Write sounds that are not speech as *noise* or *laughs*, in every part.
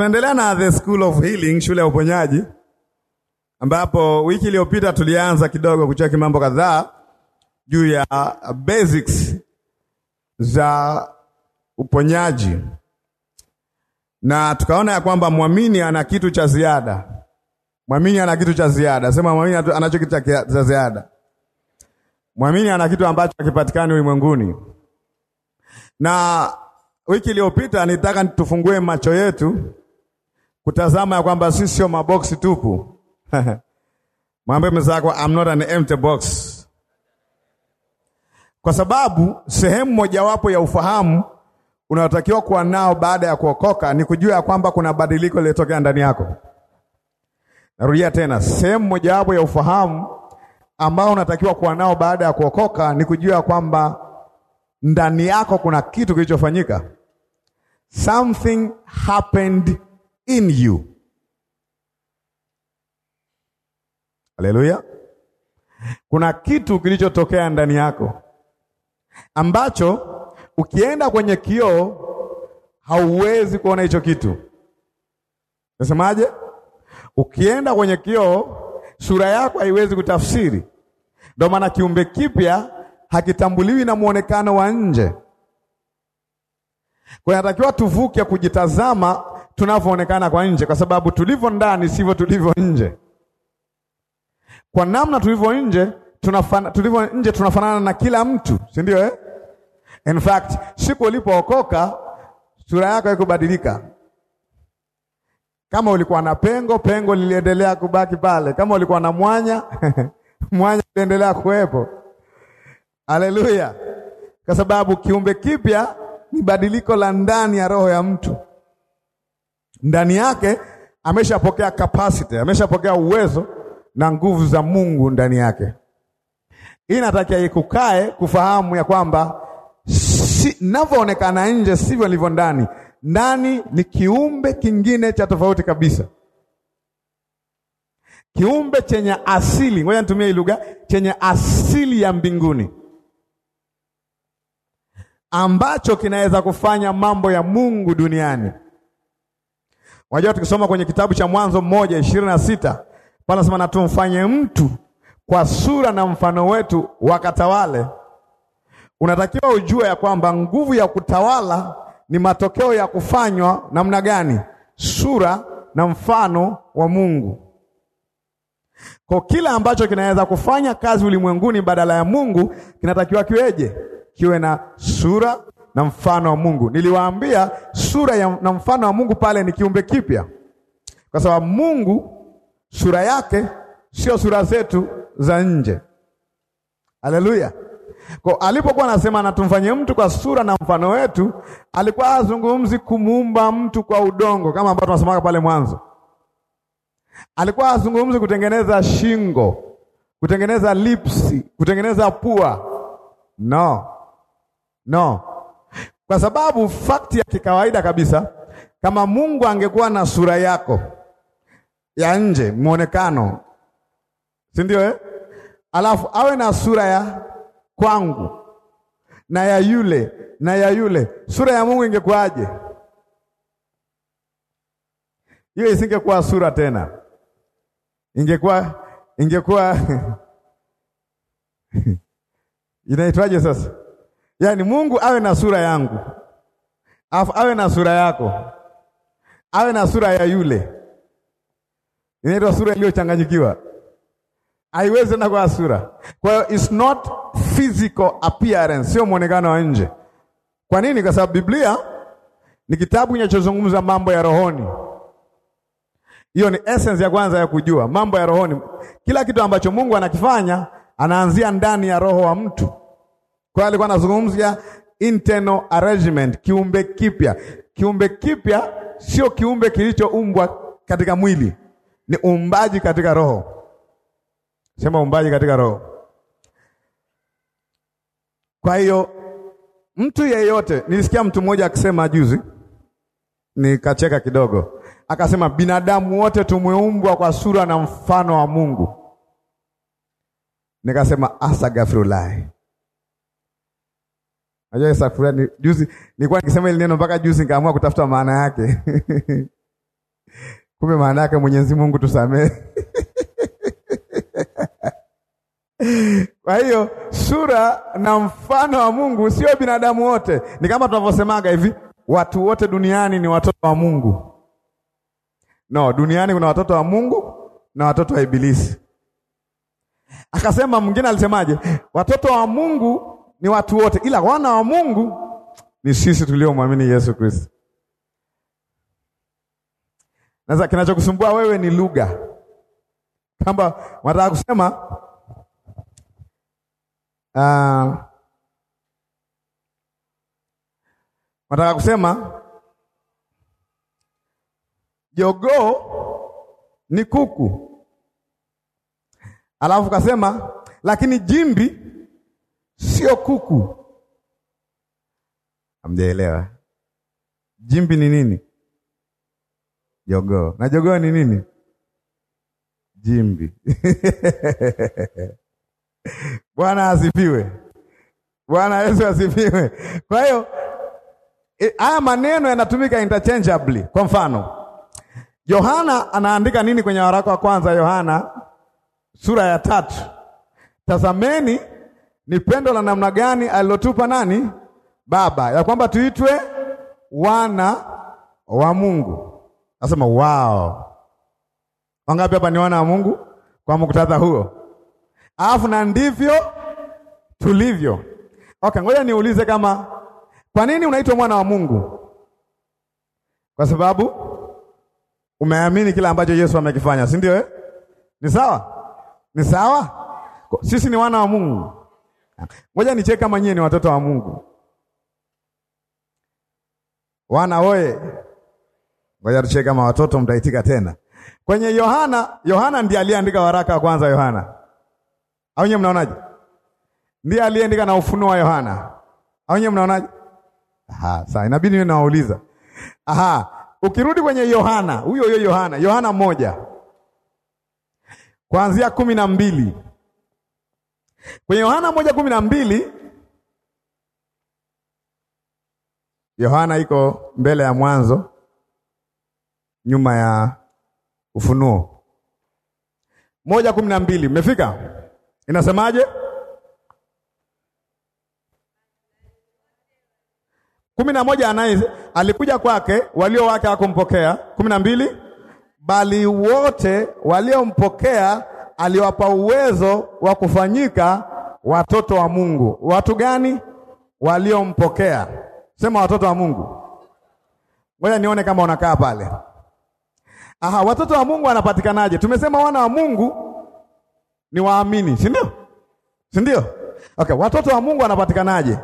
Tunaendelea na the school of healing, shule ya uponyaji, ambapo wiki iliyopita tulianza kidogo kucheki mambo kadhaa juu ya basics za uponyaji, na tukaona ya kwamba mwamini ana kitu cha ziada. Mwamini ana kitu cha ziada, sema mwamini anacho kitu cha ziada. Mwamini ana kitu ambacho hakipatikani ulimwenguni. Na wiki iliyopita nitaka tufungue macho yetu kutazama ya kwamba sisi sio maboksi tupu. *laughs* Mwambie mwenzako I'm not an empty box. Kwa sababu sehemu mojawapo ya ufahamu unaotakiwa kuwa nao baada ya kuokoka ni kujua ya kwamba kuna badiliko lilitokea ndani yako. Narudia tena, sehemu mojawapo ya ufahamu ambao unatakiwa kuwa nao baada ya kuokoka ni kujua ya kwamba ndani yako kuna kitu kilichofanyika. Something happened in you. Haleluya! Kuna kitu kilichotokea ndani yako ambacho ukienda kwenye kioo hauwezi kuona hicho kitu. Nasemaje? Ukienda kwenye kioo sura yako haiwezi kutafsiri. Ndio maana kiumbe kipya hakitambuliwi na mwonekano wa nje. Kwa hiyo tuvuke kujitazama tunavyoonekana kwa nje, kwa sababu tulivyo ndani sivyo tulivyo nje. Kwa namna tulivyo nje tunafana, tulivyo nje tunafanana na kila mtu, si ndio eh? In fact, siku ulipookoka sura yako haikubadilika. Kama ulikuwa na pengo, pengo liliendelea kubaki pale. Kama ulikuwa na mwanya *laughs* mwanya uliendelea kuwepo. Haleluya! Kwa sababu kiumbe kipya ni badiliko la ndani ya roho ya mtu ndani yake ameshapokea capacity, ameshapokea uwezo na nguvu za Mungu ndani yake. Hii natakia ikukae kufahamu ya kwamba si, navyoonekana nje sivyo nilivyo ndani. Ndani ni kiumbe kingine cha tofauti kabisa, kiumbe chenye asili, ngoja nitumie hii lugha, chenye asili ya mbinguni ambacho kinaweza kufanya mambo ya Mungu duniani. Unajua tukisoma kwenye kitabu cha Mwanzo mmoja ishirini na sita Bwana anasema na tumfanye mtu kwa sura na mfano wetu wakatawale. Unatakiwa ujue ya kwamba nguvu ya kutawala ni matokeo ya kufanywa namna gani? Sura na mfano wa Mungu. Kwa kila ambacho kinaweza kufanya kazi ulimwenguni badala ya Mungu kinatakiwa kiweje? Kiwe na sura na mfano wa Mungu. Niliwaambia sura ya, na mfano wa Mungu pale ni kiumbe kipya, kwa sababu Mungu sura yake sio sura zetu za nje. Haleluya! Kwa alipokuwa anasema natumfanye mtu kwa sura na mfano wetu, alikuwa azungumzi kumuumba mtu kwa udongo kama ambavyo tunasomaka pale mwanzo. Alikuwa azungumzi kutengeneza shingo, kutengeneza lipsi, kutengeneza pua. No, no kwa sababu fakti ya kikawaida kabisa, kama Mungu angekuwa na sura yako ya nje, mwonekano, si ndio eh? Alafu awe na sura ya kwangu na ya yule na ya yule, sura ya Mungu ingekuwaje? Hiyo isingekuwa sura tena, ingekuwa ingekuwa *laughs* inaitwaje sasa? Yaani Mungu awe na sura yangu, alafu awe na sura yako, awe na sura ya yule. Inaitwa sura iliyochanganyikiwa, haiwezi na kwa sura. Kwa hiyo it's not physical appearance, sio mwonekano wa nje. Kwa nini? Kwa sababu Biblia ni kitabu kinachozungumza mambo ya rohoni. Hiyo ni essence ya kwanza ya kujua mambo ya rohoni. Kila kitu ambacho Mungu anakifanya anaanzia ndani ya roho wa mtu kwa hiyo alikuwa anazungumzia internal arrangement, kiumbe kipya. Kiumbe kipya sio kiumbe kilichoumbwa katika mwili, ni umbaji katika roho. Sema umbaji katika roho. Kwa hiyo mtu yeyote, nilisikia mtu mmoja akisema juzi, nikacheka kidogo, akasema binadamu wote tumeumbwa kwa sura na mfano wa Mungu. Nikasema asagafirulai Unajua safuria ni juzi nilikuwa nikisema ile neno mpaka juzi nikaamua kutafuta maana yake. *laughs* Kumbe maana yake Mwenyezi Mungu tusamee *laughs* Kwa hiyo sura na mfano wa Mungu sio binadamu wote. Ni kama tunavyosemaga hivi, watu wote duniani ni watoto wa Mungu. No, duniani kuna watoto wa Mungu na watoto wa Ibilisi. Akasema mwingine alisemaje? Watoto wa Mungu ni watu wote, ila wana wa Mungu ni sisi tuliomwamini Yesu Kristo. Sasa kinachokusumbua wewe ni lugha, kwamba wanataka kusema uh, kusema jogoo ni kuku, alafu kasema lakini jimbi sio kuku. Hamjaelewa. Jimbi ni nini? Jogoo. Na jogoo ni nini? Jimbi. *laughs* Bwana asifiwe. Bwana Yesu asifiwe. Kwa hiyo e, haya maneno yanatumika interchangeably. Kwa mfano, Yohana anaandika nini kwenye waraka wa kwanza Yohana sura ya tatu? Tazameni ni pendo la namna gani alilotupa nani? Baba, ya kwamba tuitwe wana wa Mungu. Nasema wow, wangapi hapa ni wana wa Mungu kwa muktadha huo? Alafu na ndivyo tulivyo. Okay, ngoja niulize, kama kwa nini unaitwa mwana wa Mungu? Kwa sababu umeamini kila ambacho Yesu amekifanya, si ndio eh? Ni sawa, ni sawa. Sisi ni wana wa Mungu Ngoja nicheke kama nyie ni watoto wa Mungu. Wana oye. Ngoja tucheke kama watoto mtaitika tena. Kwenye Yohana, Yohana ndiye aliyeandika waraka wa kwanza Yohana. Au nyie mnaonaje? Ndiye aliyeandika na ufunuo wa Yohana. Au nyie mnaonaje? Aha, sasa inabidi niwe nawauliza. Aha, ukirudi kwenye Yohana, huyo huyo Yohana, Yohana moja. Kuanzia kumi na mbili Kwenye Yohana moja kumi na mbili Yohana iko mbele ya Mwanzo, nyuma ya Ufunuo. moja kumi na mbili mmefika? Inasemaje? kumi na moja anaye alikuja kwake, walio wake hawakumpokea. kumi na mbili bali wote waliompokea aliwapa uwezo wa kufanyika watoto wa Mungu. Watu gani? Waliompokea. Sema watoto wa Mungu. Ngoja nione kama unakaa pale. Aha, watoto wa Mungu wanapatikanaje? Tumesema wana wa Mungu ni waamini, si ndio? Si ndio? Okay, watoto wa Mungu wanapatikanaje?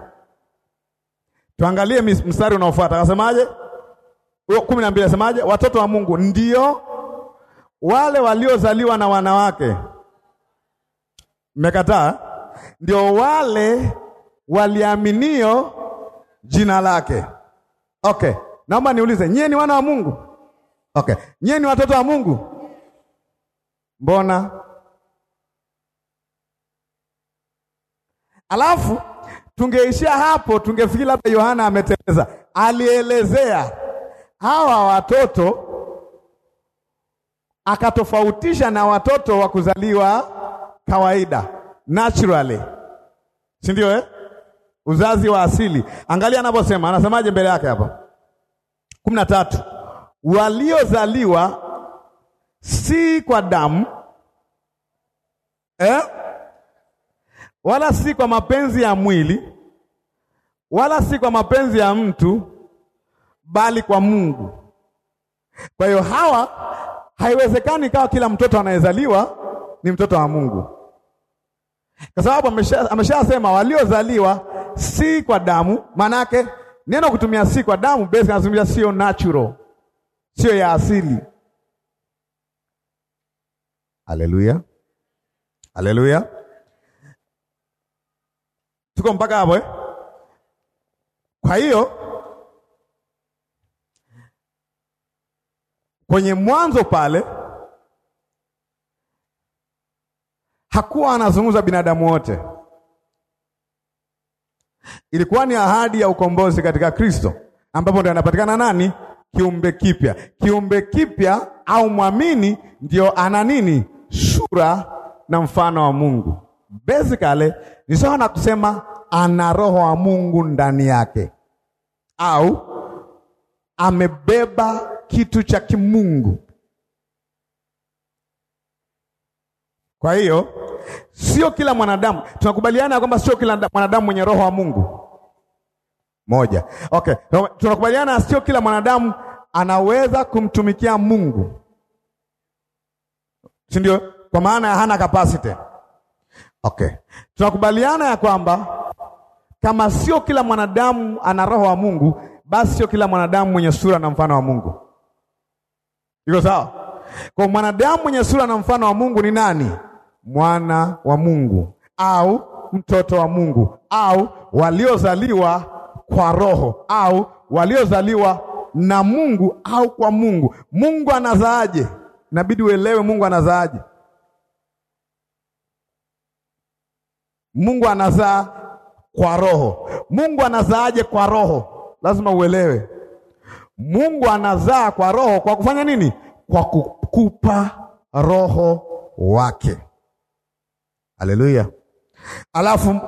Tuangalie mstari unaofuata. Akasemaje? Huyo 12 anasemaje? Watoto wa Mungu ndio wale waliozaliwa na wanawake, mmekataa, ndio wale waliaminio jina lake. Okay, naomba niulize, nyie ni wana wa Mungu? Okay, nyie ni watoto wa Mungu? Mbona alafu tungeishia hapo, tungefikiri labda Yohana ameteleza. Alielezea hawa watoto akatofautisha na watoto wa kuzaliwa kawaida naturally, si ndio eh? Uzazi wa asili. Angalia anaposema, anasemaje mbele yake hapa kumi na tatu, waliozaliwa si kwa damu eh? wala si kwa mapenzi ya mwili wala si kwa mapenzi ya mtu bali kwa Mungu. Kwa hiyo hawa haiwezekani kawa kila mtoto anayezaliwa ni mtoto wa Mungu, kwa sababu ameshasema waliozaliwa si kwa damu. Maanake neno kutumia si kwa damu basi anazungumzia sio natural, sio ya asili. Haleluya, haleluya, tuko mpaka hapo eh? Kwa hiyo Kwenye mwanzo pale hakuwa anazungumza binadamu wote, ilikuwa ni ahadi ya ukombozi katika Kristo, ambapo ndio anapatikana nani? Kiumbe kipya. Kiumbe kipya au mwamini ndio ana nini? Sura na mfano wa Mungu. Basically ni sawa na kusema ana roho wa Mungu ndani yake, au amebeba kitu cha kimungu. Kwa hiyo sio kila mwanadamu, tunakubaliana ya kwamba sio kila mwanadamu mwenye roho wa Mungu moja. Okay, tunakubaliana sio kila mwanadamu anaweza kumtumikia Mungu, si ndio? Kwa maana hana capacity. Okay, tunakubaliana ya kwamba kama sio kila mwanadamu ana roho wa Mungu, basi sio kila mwanadamu mwenye sura na mfano wa Mungu. Iko sawa? Kwa mwanadamu mwenye sura na mfano wa Mungu ni nani? Mwana wa Mungu au mtoto wa Mungu au waliozaliwa kwa Roho au waliozaliwa na Mungu au kwa Mungu. Mungu anazaaje? Inabidi uelewe Mungu anazaaje. Mungu anazaa kwa Roho. Mungu anazaaje kwa Roho? Lazima uelewe. Mungu anazaa kwa roho kwa kufanya nini? Kwa kukupa roho wake. Haleluya! Alafu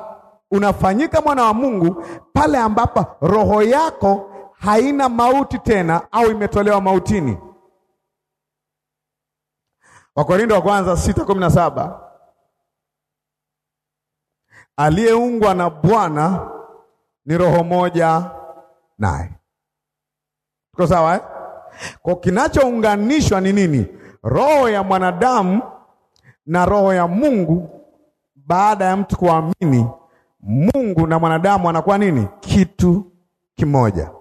unafanyika mwana wa Mungu pale ambapo roho yako haina mauti tena au imetolewa mautini. Wakorintho wa kwanza sita kumi na saba aliyeungwa na Bwana ni roho moja naye. Tuko sawa eh? Kwa kinachounganishwa ni nini? Roho ya mwanadamu na roho ya Mungu. Baada ya mtu kuamini, Mungu na mwanadamu anakuwa nini? Kitu kimoja,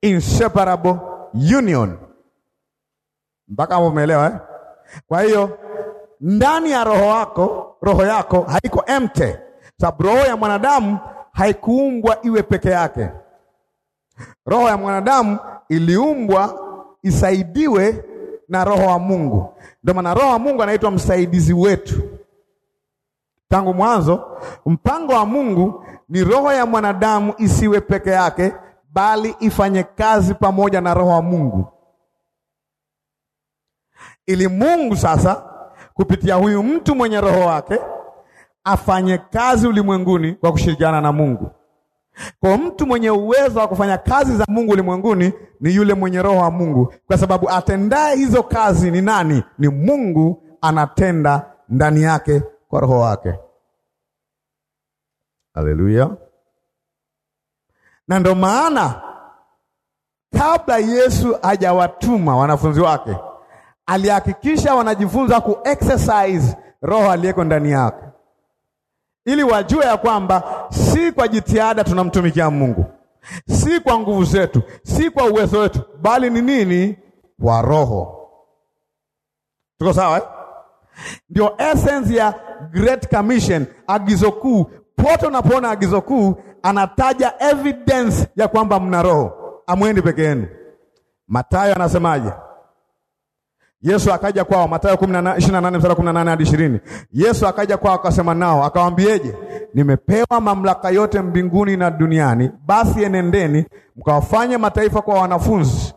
inseparable union. Mpaka hapo umeelewa eh? Kwa hiyo ndani ya roho yako, roho yako haiko empty, sababu roho ya mwanadamu haikuumbwa iwe peke yake. Roho ya mwanadamu iliumbwa isaidiwe na roho wa Mungu. Ndio maana roho wa Mungu anaitwa msaidizi wetu. Tangu mwanzo, mpango wa Mungu ni roho ya mwanadamu isiwe peke yake, bali ifanye kazi pamoja na roho wa Mungu, ili Mungu sasa kupitia huyu mtu mwenye roho wake afanye kazi ulimwenguni kwa kushirikiana na Mungu. Kwa mtu mwenye uwezo wa kufanya kazi za Mungu ulimwenguni ni yule mwenye roho wa Mungu, kwa sababu atendaye hizo kazi ni nani? Ni Mungu anatenda ndani yake kwa roho wake. Haleluya! Na ndio maana kabla Yesu hajawatuma wanafunzi wake alihakikisha wanajifunza ku exercise roho aliyeko ndani yake ili wajue ya kwamba si kwa jitihada tunamtumikia Mungu, si kwa nguvu zetu, si kwa uwezo wetu, bali ni nini? Kwa Roho. Tuko sawa eh? Ndio essence ya Great Commission, agizo kuu. Pote unapoona agizo kuu, anataja evidence ya kwamba mna Roho, amwendi peke yenu. Matayo anasemaje? Yesu akaja kwao, Mathayo 28 mstari 18 hadi 20. Yesu akaja kwao akasema nao akawaambieje? Nimepewa mamlaka yote mbinguni na duniani, basi enendeni mkawafanye mataifa kwa wanafunzi,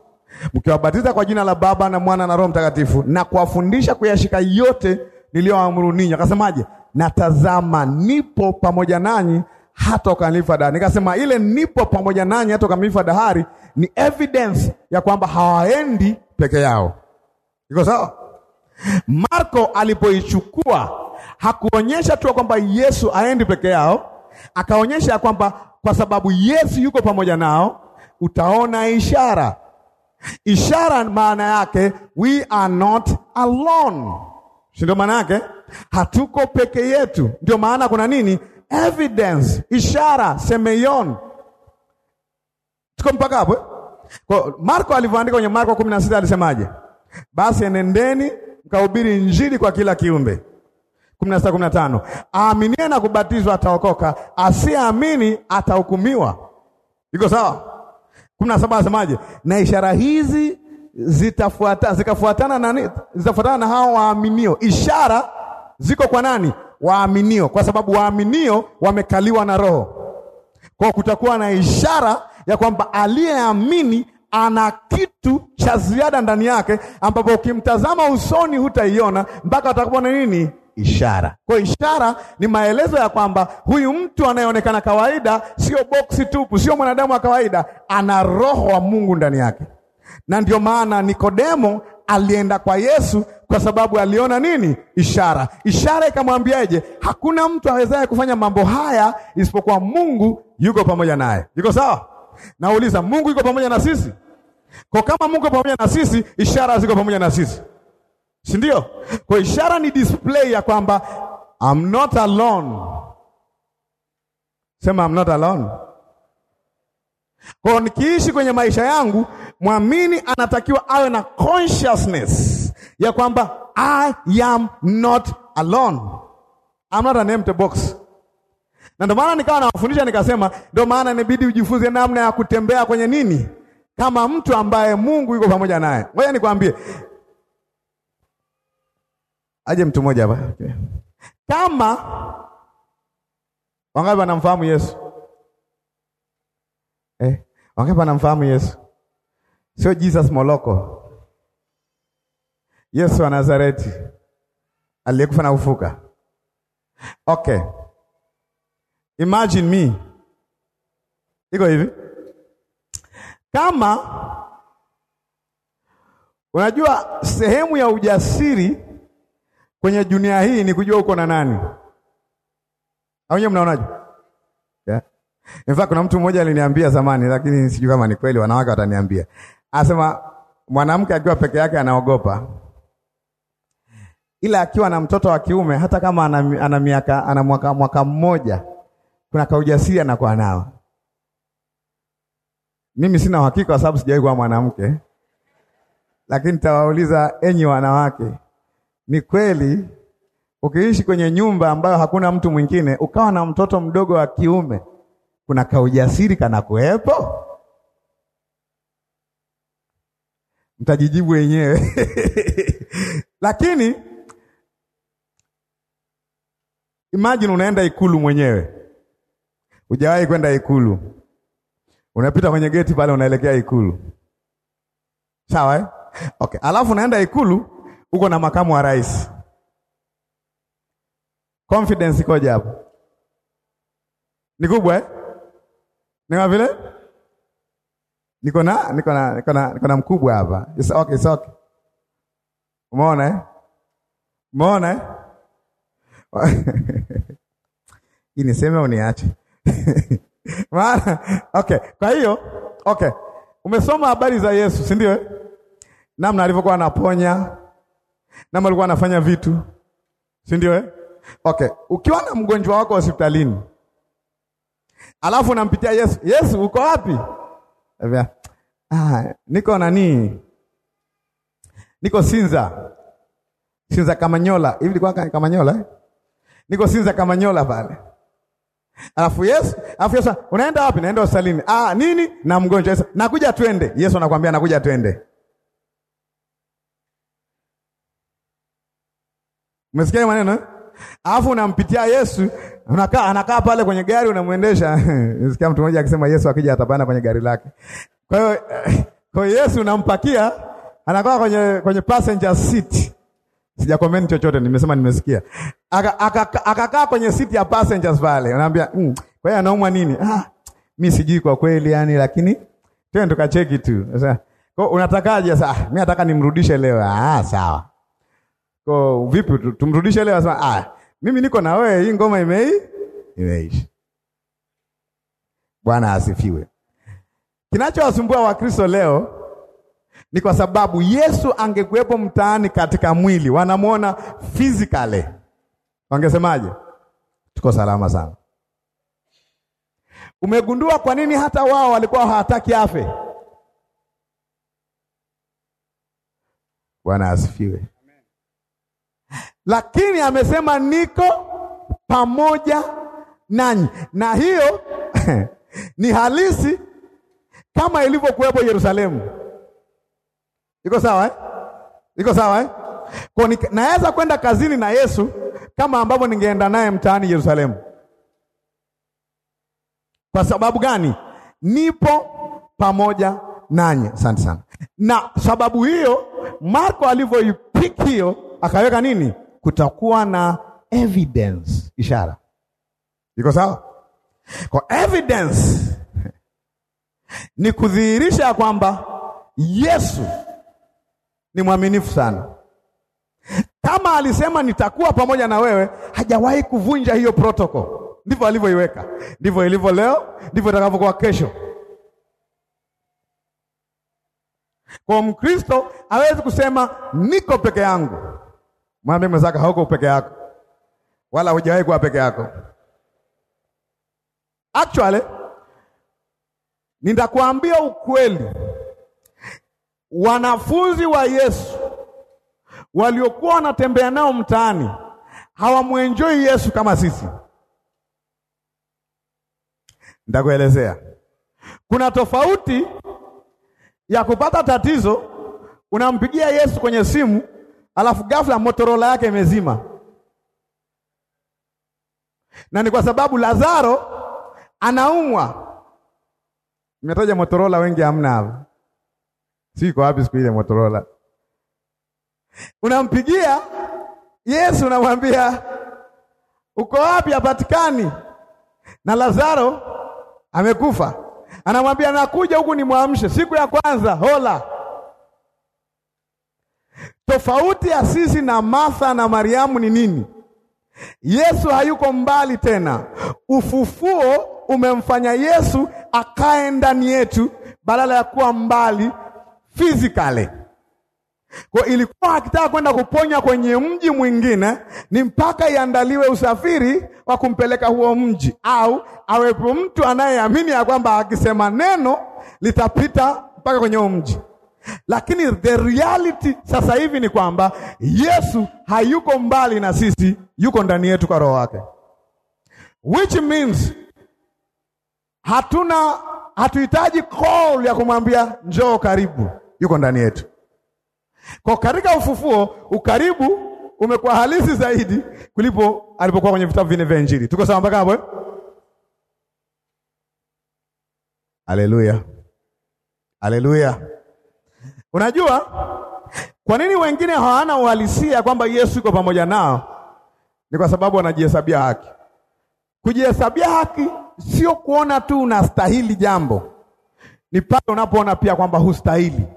mkiwabatiza kwa jina la Baba na Mwana na Roho Mtakatifu, na kuwafundisha kuyashika yote niliyoamuru ninyi. Akasemaje? Natazama nipo pamoja nanyi hata ukamilifu dahari. Nikasema ile nipo pamoja nanyi hata ukamilifu dahari ni evidence ya kwamba hawaendi peke yao. Iko sawa? Marko alipoichukua hakuonyesha tu kwamba Yesu aendi peke yao, akaonyesha ya kwamba kwa sababu Yesu yuko pamoja nao, utaona ishara. Ishara maana yake we are not alone, si ndio? Maana yake hatuko peke yetu, ndio maana kuna nini? Evidence, ishara, semeyon Tuko mpaka hapo. Eh? Kwa Marko alivyoandika kwenye Marko 16 alisemaje? Basi enendeni mkahubiri Injili kwa kila kiumbe. kumi na na aaminie na kubatizwa ataokoka, asiyeamini atahukumiwa. Iko sawa? kumi na saba na ishara hizi zitafuata zikafuatana na zitafuatana na hao waaminio. Ishara ziko kwa nani? Waaminio, kwa sababu waaminio wamekaliwa na Roho. Kwa kutakuwa na ishara ya kwamba aliyeamini ana kitu cha ziada ndani yake, ambapo ukimtazama usoni hutaiona mpaka atakapona nini ishara. Kwa ishara ni maelezo ya kwamba huyu mtu anayeonekana kawaida sio boksi tupu, sio mwanadamu wa kawaida, ana roho wa Mungu ndani yake. Na ndio maana Nikodemo alienda kwa Yesu kwa sababu aliona nini? Ishara. Ishara ikamwambiaje? Hakuna mtu awezaye kufanya mambo haya isipokuwa Mungu yuko pamoja naye. iko sawa? Nauliza, Mungu yuko pamoja na sisi? Kwa kama Mungu pamoja na sisi, ishara ziko pamoja na sisi, si ndio? Kwa ishara ni display ya kwamba I'm not alone. Sema I'm not alone. Kwa nikiishi kwenye maisha yangu, mwamini anatakiwa awe na consciousness ya kwamba I am not alone. I'm not an empty box. Na ndio maana nikawa nawafundisha nikasema, ndio maana inabidi ujifunze namna ya kutembea kwenye nini? kama mtu ambaye Mungu yuko pamoja naye. Ngoja nikwambie, aje mtu mmoja hapa, kama wangapi wanamfahamu Yesu eh? Wangapi wanamfahamu Yesu? Sio Jesus Moloko, Yesu wa Nazareti aliyekufa na kufuka. Okay, imagine me iko hivi kama unajua sehemu ya ujasiri kwenye dunia hii ni kujua uko na nani, au nyewe mnaonaje? Yeah. In fact kuna mtu mmoja aliniambia zamani, lakini sijui kama ni kweli, wanawake wataniambia. Anasema mwanamke akiwa peke yake anaogopa, ila akiwa na mtoto wa kiume, hata kama ana miaka ana mwaka, mmoja, kuna kaujasiri anakuwa nao mimi sina uhakika kwa sababu sijawahi kuwa mwanamke, lakini nitawauliza enyi wanawake, ni kweli ukiishi kwenye nyumba ambayo hakuna mtu mwingine ukawa na mtoto mdogo wa kiume, kuna kaujasiri kana kuwepo? Mtajijibu wenyewe *laughs* lakini imagine unaenda ikulu mwenyewe, hujawahi kwenda ikulu Unapita kwenye geti pale unaelekea Ikulu, sawa eh? Okay, alafu unaenda Ikulu, uko na makamu wa rais. Confidence ikoje hapo? Ni kubwa eh? Ni kama vile niko na niko na niko na niko na mkubwa hapa. It's okay, it's okay. Umeona eh? Umeona eh? *laughs* Hii sema uniache *laughs* Maana okay, kwa hiyo okay, umesoma habari za Yesu, si ndio? Namna alivyokuwa anaponya, namna alikuwa anafanya vitu, si ndio? Okay, ukiwa na mgonjwa wako hospitalini alafu unampitia Yesu, Yesu uko wapi? Ah, niko nani, niko Sinza, Sinza Kamanyola hivi, ilikuwa Kamanyola eh? niko Sinza Kamanyola pale Alafu Yesu, alafu Yesu, unaenda wapi? Naenda hospitalini. Ah, nini? Na mgonjwa Yesu. Nakuja twende. Yesu anakuambia nakuja twende. Umesikia maneno? Eh? Alafu unampitia Yesu, unakaa anakaa pale kwenye gari unamwendesha. Nisikia *laughs* mtu mmoja akisema Yesu akija atapanda kwenye gari lake. Kwa hiyo eh, kwa Yesu unampakia, anakaa kwenye kwenye passenger seat. Sija comment chochote, nimesema nimesikia. Akakaa aka kwenye seat ya passengers pale. Anaambia, mm, "Kwa hiyo anaumwa nini?" Ah, mimi sijui kwa kweli yani, lakini twende tukacheki tu. Sasa, kwa unatakaje sasa? Mimi ah, nataka nimrudishe leo. Ah, sawa. Kwa vipi tumrudishe leo sasa? Ah, mimi niko na wewe, hii ngoma imei imeisha. Bwana asifiwe. Kinachowasumbua Wakristo leo ni kwa sababu Yesu angekuwepo mtaani katika mwili, wanamwona physically, wangesemaje? Tuko salama sana. Umegundua kwa nini hata wao walikuwa hawataki afe? Bwana asifiwe. Lakini amesema niko pamoja nanyi, na hiyo *laughs* ni halisi kama ilivyokuwepo Yerusalemu. Iko sawa eh? Iko sawa eh? Kwa naweza kwenda kazini na Yesu kama ambavyo ningeenda naye mtaani Yerusalemu. Kwa sababu gani? Nipo pamoja nanyi. Asante sana. Na sababu hiyo Marko alivyoipiki hiyo akaweka nini? Kutakuwa na evidence, ishara. Iko sawa? Kwa evidence *laughs* ni kudhihirisha kwamba Yesu ni mwaminifu sana. Kama alisema nitakuwa pamoja na wewe, hajawahi kuvunja hiyo protocol. Ndivyo alivyoiweka, ndivyo ilivyo leo, ndivyo itakavyokuwa kesho. Kwa Mkristo hawezi kusema niko peke yangu. Mwambie mwenzako hauko peke yako, wala hujawahi kuwa peke yako. Actually, nitakuambia ukweli wanafunzi wa Yesu waliokuwa wanatembea nao mtaani hawamwenjoi Yesu kama sisi. Nitakuelezea. Kuna tofauti ya kupata tatizo, unampigia Yesu kwenye simu, alafu ghafla Motorola yake imezima, na ni kwa sababu Lazaro anaumwa. Nimetaja Motorola, wengi hamna hapo Sijui iko wapi siku ile Motorola. Unampigia Yesu, unamwambia uko wapi? Hapatikani, na Lazaro amekufa. Anamwambia nakuja huku nimwamshe. Siku ya kwanza hola. Tofauti ya sisi na Martha na Mariamu ni nini? Yesu hayuko mbali tena. Ufufuo umemfanya Yesu akae ndani yetu badala ya kuwa mbali physically. Kwa ilikuwa akitaka kwenda kuponya kwenye mji mwingine, ni mpaka iandaliwe usafiri wa kumpeleka huo mji, au awepo mtu anayeamini ya kwamba akisema neno litapita mpaka kwenye huo mji. Lakini the reality sasa hivi ni kwamba Yesu hayuko mbali na sisi, yuko ndani yetu kwa Roho wake, which means hatuna hatuhitaji call ya kumwambia njoo karibu yuko ndani yetu. Kwa katika ufufuo, ukaribu umekuwa halisi zaidi kulipo alipokuwa kwenye vitabu vile vya Injili. Tuko sawa mpaka hapo? Eh? Haleluya, haleluya. Unajua kwa nini wengine hawana uhalisia kwamba Yesu yuko pamoja nao? Ni kwa sababu wanajihesabia haki. Kujihesabia haki sio kuona tu unastahili jambo, ni pale unapoona pia kwamba hustahili.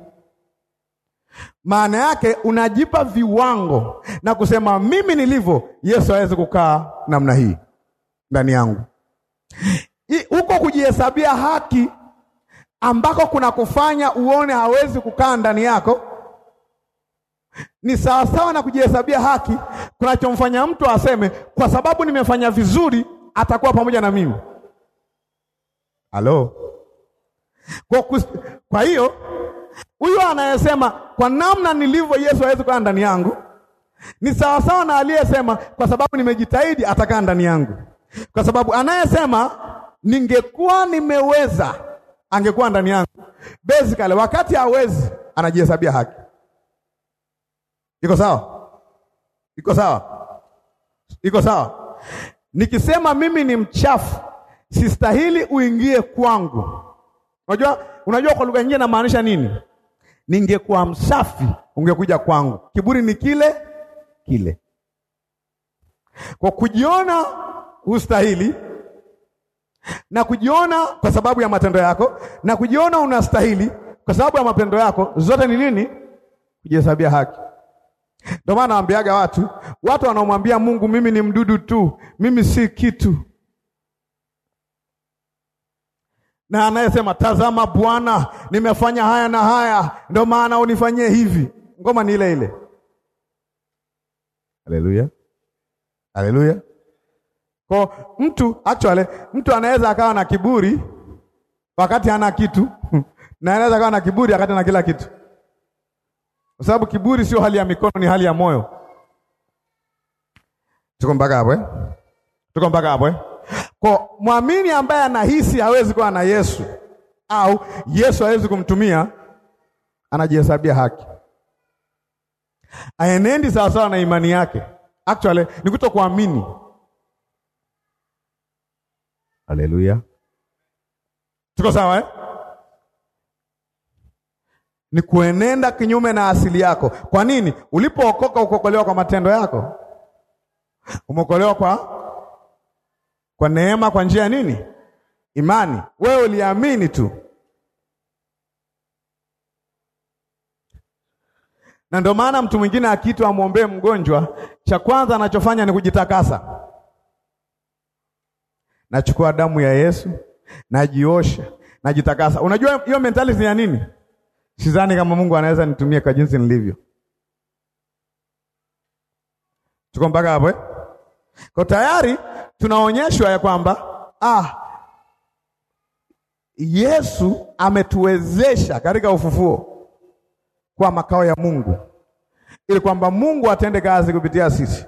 Maana yake unajipa viwango na kusema mimi nilivyo, Yesu hawezi kukaa namna hii ndani yangu. Huko kujihesabia haki ambako kuna kufanya uone hawezi kukaa ndani yako ni sawasawa na kujihesabia haki kunachomfanya mtu aseme kwa sababu nimefanya vizuri atakuwa pamoja na mimi. Halo. Kwa hiyo Huyu anayesema kwa namna nilivyo Yesu hawezi kukaa ndani yangu ni sawasawa na aliyesema kwa sababu nimejitahidi atakaa ndani yangu, kwa sababu anayesema ningekuwa nimeweza angekuwa ndani yangu. Basically, wakati hawezi anajihesabia haki. Iko sawa? Iko sawa? Iko sawa? Nikisema mimi ni mchafu, sistahili uingie kwangu. Unajua, unajua kwa lugha nyingine inamaanisha nini? ningekuwa msafi ungekuja kwangu. Kiburi ni kile kile, kwa kujiona hustahili na kujiona kwa sababu ya matendo yako na kujiona unastahili kwa sababu ya mapendo yako, zote ni nini? Kujihesabia haki. Ndio maana watu, watu wanaomwambia Mungu mimi ni mdudu tu, mimi si kitu, na anayesema tazama, Bwana, nimefanya haya na haya, ndio maana unifanyie hivi. Ngoma ni ile ile. Haleluya, haleluya. Kwa mtu actually, mtu anaweza akawa na kiburi wakati ana kitu *laughs* na anaweza akawa na kiburi wakati ana kila kitu, kwa sababu kiburi sio hali ya mikono, ni hali ya moyo. Tuko mpaka hapo eh? Tuko mpaka hapo eh? Kwa mwamini ambaye anahisi hawezi kuwa na Yesu au Yesu hawezi kumtumia, anajihesabia haki, aenendi sawasawa na imani yake. Actually ni kuto kuamini. Haleluya, tuko sawa eh? Ni kuenenda kinyume na asili yako. Kwa nini? Ulipookoka ukokolewa kwa matendo yako, umeokolewa kwa kwa neema kwa njia ya nini? Imani. Wewe uliamini tu. Na ndio maana mtu mwingine akiitwa amwombee mgonjwa, cha kwanza anachofanya ni kujitakasa. Nachukua damu ya Yesu, najiosha, najitakasa. Unajua hiyo mentality ya nini? Sidhani kama Mungu anaweza nitumie kwa jinsi nilivyo. Tuko mpaka hapo eh? Kwa tayari tunaonyeshwa ya kwamba ah, Yesu ametuwezesha katika ufufuo kwa makao ya Mungu, ili kwamba Mungu atende kazi kupitia sisi.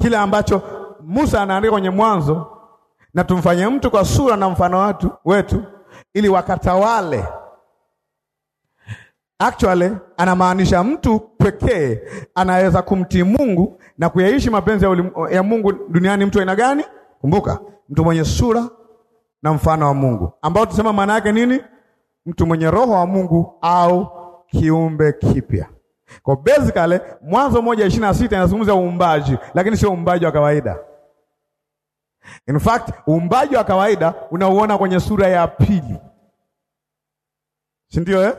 Kile ambacho Musa anaandika kwenye Mwanzo, na tumfanye mtu kwa sura na mfano watu wetu, ili wakatawale Actually anamaanisha mtu pekee anaweza kumtii Mungu na kuyaishi mapenzi ya, ya Mungu duniani. Mtu aina gani? Kumbuka, mtu mwenye sura na mfano wa Mungu, ambao tusema maana yake nini? Mtu mwenye roho wa Mungu au kiumbe kipya. Kwa basically Mwanzo moja ishirini na sita inazungumza uumbaji, lakini sio uumbaji wa kawaida. In fact uumbaji wa kawaida unauona kwenye sura ya pili, si ndio eh?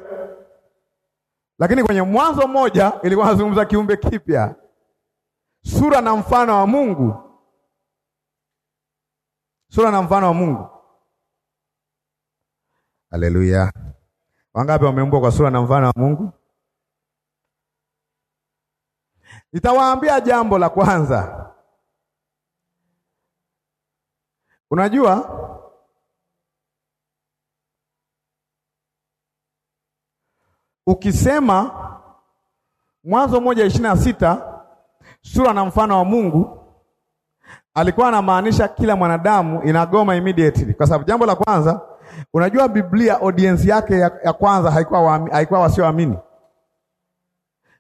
Lakini kwenye Mwanzo mmoja ilikuwa nazungumza kiumbe kipya, sura na mfano wa Mungu, sura na mfano wa Mungu. Haleluya! wangapi wameumbwa kwa sura na mfano wa Mungu? Nitawaambia jambo la kwanza, unajua Ukisema Mwanzo moja ishirini na sita sura na mfano wa Mungu, alikuwa anamaanisha kila mwanadamu, inagoma immediately, kwa sababu jambo la kwanza, unajua Biblia audience yake ya, ya kwanza haikuwa wa, haikuwa wasioamini.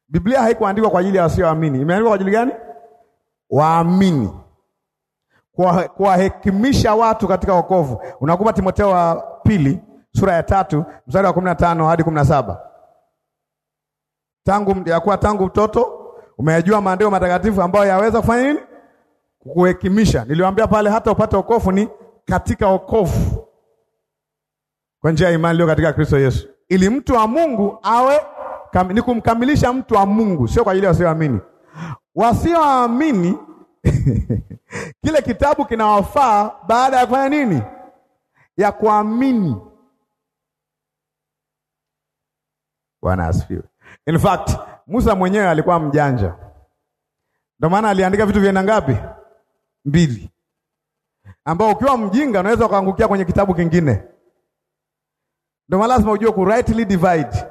Biblia haikuandikwa kwa ajili ya wasioamini, imeandikwa kwa ajili gani? Waamini, kuwahekimisha watu katika wokovu. Unakupa Timotheo wa pili sura ya tatu mstari wa kumi na tano hadi kumi na saba tangu kuwa tangu mtoto umeyajua maandiko matakatifu ambayo yaweza kufanya nini? Kukuhekimisha. Niliwaambia pale hata upate wokovu ni katika wokovu kwa njia ya imani iliyo katika Kristo Yesu, ili mtu wa Mungu awe kam, ni kumkamilisha mtu wa Mungu, sio kwa ajili ya wasioamini. Wasioamini *laughs* kile kitabu kinawafaa baada ya kufanya nini? Ya kuamini. Bwana asifiwe. In fact, Musa mwenyewe alikuwa mjanja, ndio maana aliandika vitu vienda ngapi? Mbili, ambao ukiwa mjinga unaweza ukaangukia kwenye kitabu kingine. Ndio maana lazima ujue ku rightly divide.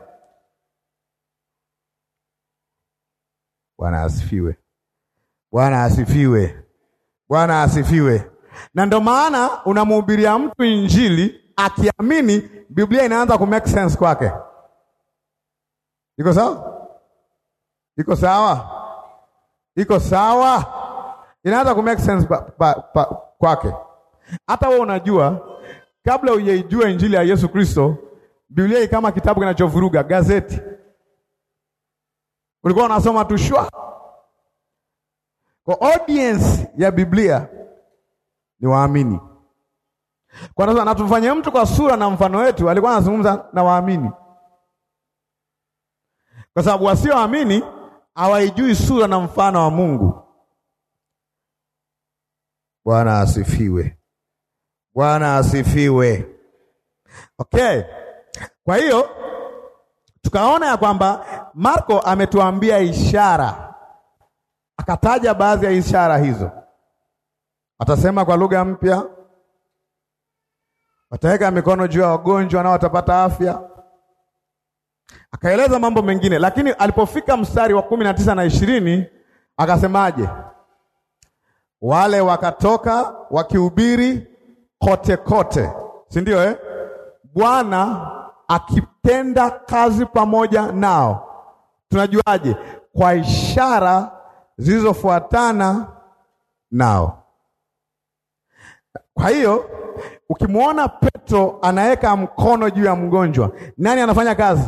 Bwana asifiwe. Bwana asifiwe. Bwana asifiwe. Na ndio maana unamhubiria mtu Injili akiamini, Biblia inaanza ku make sense kwake. Iko sawa? Iko sawa? Iko sawa? Inaanza ku make sense kwake. Hata wewe unajua kabla hujaijua injili ya Yesu Kristo, Biblia kama kitabu kinachovuruga gazeti. Ulikuwa unasoma tu shwa. Kwa audience ya Biblia ni waamini. Kwa nini anatufanyia mtu kwa sura na mfano wetu? Alikuwa anazungumza na waamini kwa sababu wasioamini hawaijui sura na mfano wa Mungu. Bwana asifiwe, Bwana asifiwe. Okay, kwa hiyo tukaona ya kwamba Marko ametuambia ishara, akataja baadhi ya ishara hizo. Watasema kwa lugha mpya, wataweka mikono juu ya wagonjwa nao watapata afya Akaeleza mambo mengine, lakini alipofika mstari wa kumi na tisa na ishirini akasemaje? Wale wakatoka wakihubiri kote kote, si ndio eh? Bwana akitenda kazi pamoja nao. Tunajuaje? Kwa ishara zilizofuatana nao. Kwa hiyo ukimwona Petro anaweka mkono juu ya mgonjwa, nani anafanya kazi?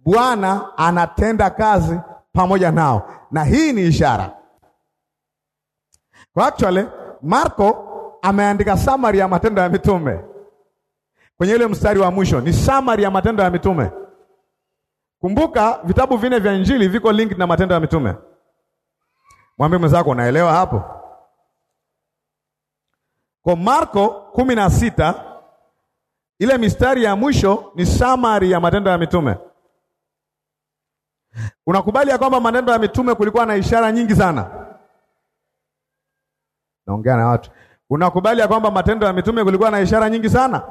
Bwana anatenda kazi pamoja nao, na hii ni ishara kwa actually, Marko ameandika summary ya matendo ya mitume kwenye ile mstari wa mwisho, ni summary ya matendo ya mitume. Kumbuka vitabu vine vya Injili viko linked na matendo ya mitume. Mwambie mwenzako unaelewa hapo. Kwa Marko kumi na sita ile mistari ya mwisho ni summary ya matendo ya mitume. Unakubali ya kwamba maneno ya mitume kulikuwa na ishara nyingi sana? Naongea na watu. Unakubali ya kwamba matendo ya mitume kulikuwa na ishara nyingi sana?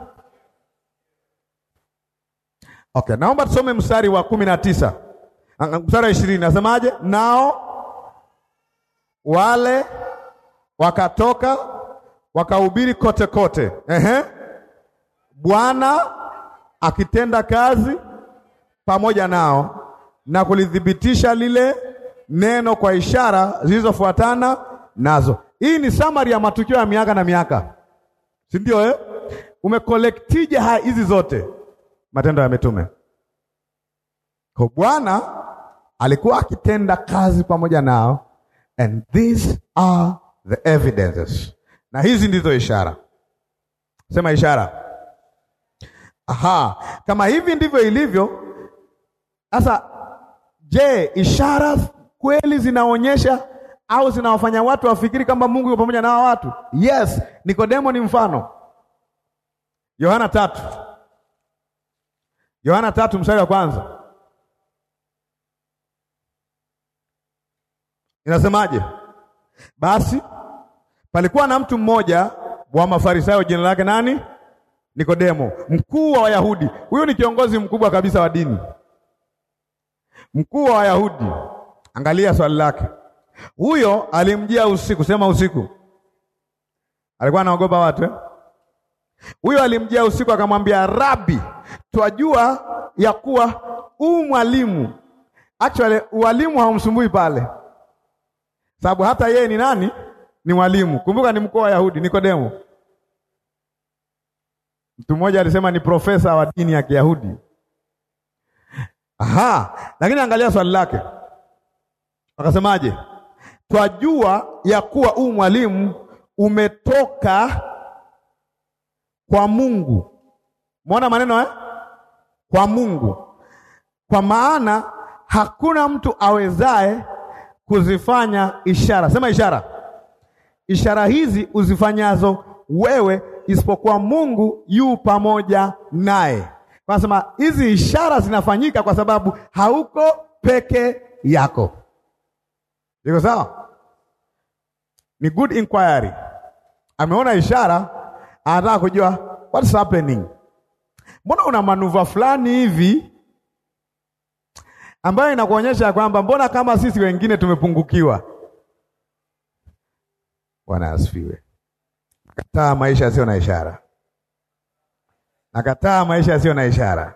Okay, naomba tusome mstari wa kumi na tisa mstari wa ishirini nasemaje? Nao wale wakatoka wakahubiri kote kote, ehe, Bwana akitenda kazi pamoja nao na kulithibitisha lile neno kwa ishara zilizofuatana nazo. Hii ni summary ya matukio ya miaka na miaka, si ndio eh? Umekolektije haya hizi zote, matendo ya mitume. Kwa Bwana alikuwa akitenda kazi pamoja nao, and these are the evidences, na hizi ndizo ishara. Sema ishara. Aha, kama hivi ndivyo ilivyo sasa Je, ishara kweli zinaonyesha au zinawafanya watu wafikiri kwamba Mungu yupo pamoja na watu? Yes, Nikodemo ni mfano. Yohana tatu, Yohana tatu mstari wa kwanza inasemaje? Basi palikuwa na mtu mmoja wa Mafarisayo, jina lake nani? Nikodemo, mkuu wa Wayahudi. Huyu ni kiongozi mkubwa kabisa wa dini mkuu wa Wayahudi. Angalia swali lake. Huyo alimjia usiku, sema usiku. Alikuwa anaogopa watu eh? Huyo alimjia usiku akamwambia, Rabi, twajua ya kuwa u mwalimu. Actually ualimu haumsumbui pale, sababu hata yeye ni nani? Ni mwalimu. Kumbuka ni mkuu wa Yahudi. Nikodemo, mtu mmoja alisema ni profesa wa dini ya Kiyahudi. Aha, lakini angalia swali lake, akasemaje? Twajua jua ya kuwa huu mwalimu umetoka kwa Mungu. Muona maneno eh? Kwa Mungu, kwa maana hakuna mtu awezaye kuzifanya ishara, sema ishara, ishara hizi uzifanyazo wewe, isipokuwa Mungu yu pamoja naye. Anasema hizi ishara zinafanyika kwa sababu hauko peke yako. Iko sawa? Ni good inquiry. Ameona ishara, anataka kujua what's happening. Mbona una manuva fulani hivi ambayo inakuonyesha kwamba mbona kama sisi wengine tumepungukiwa. Bwana asifiwe. Kataa maisha yasiyo na ishara. Nakataa maisha yasiyo na ishara.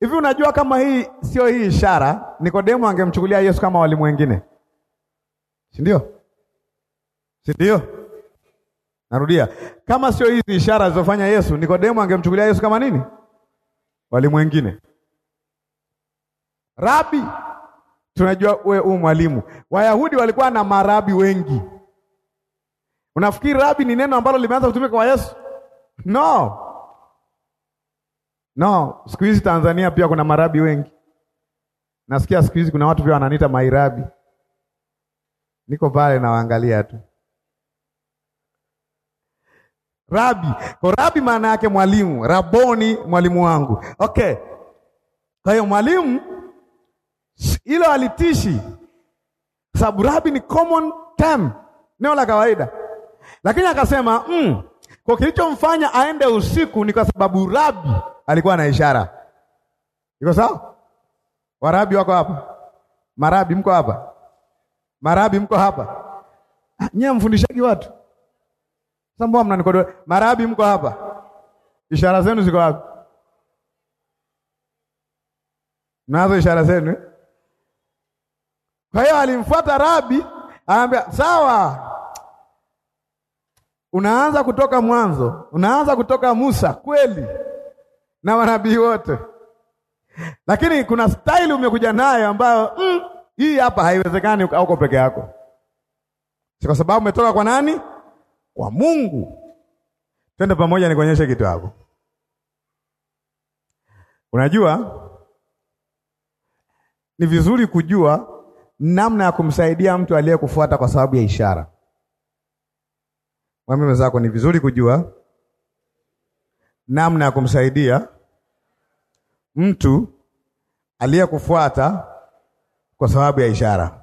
Hivi unajua kama hii sio hii ishara, Nikodemo angemchukulia Yesu kama walimu wengine, si ndio? Si ndio? Narudia, kama sio hizi ishara zilizofanya Yesu, Nikodemo angemchukulia Yesu kama nini? Walimu wengine. Rabi, tunajua we u mwalimu. Wayahudi walikuwa na marabi wengi. Unafikiri rabi ni neno ambalo limeanza kutumika kwa Yesu? No, no. Siku hizi Tanzania pia kuna marabi wengi. Nasikia siku hizi kuna watu pia wananiita mairabi. Niko pale nawaangalia tu. Rabi, kwa rabi maana yake mwalimu, raboni, mwalimu wangu. Okay, kwa hiyo mwalimu ilo alitishi, sababu rabi ni common term, neno la kawaida, lakini akasema mm, kwa kilichomfanya aende usiku ni kwa sababu rabi alikuwa na ishara. Iko sawa? Warabi wako hapa? Marabi mko hapa? Marabi mko hapa? Nyewe mfundishaji watu. Sasa mbona mnanikodoa? Marabi mko hapa? Ishara zenu ziko wapi? Nazo ishara zenu. Kwa hiyo alimfuata rabi, anambia sawa Unaanza kutoka mwanzo, unaanza kutoka Musa kweli na manabii wote, lakini kuna staili umekuja nayo ambayo mm, hii hapa haiwezekani auko peke yako, si kwa sababu umetoka kwa nani? Kwa Mungu. Twende pamoja nikuonyeshe kitu hapo. Unajua, ni vizuri kujua namna ya kumsaidia mtu aliyekufuata kwa sababu ya ishara. Mwambie mwenzako ni vizuri kujua namna ya kumsaidia mtu aliyekufuata kwa sababu ya ishara.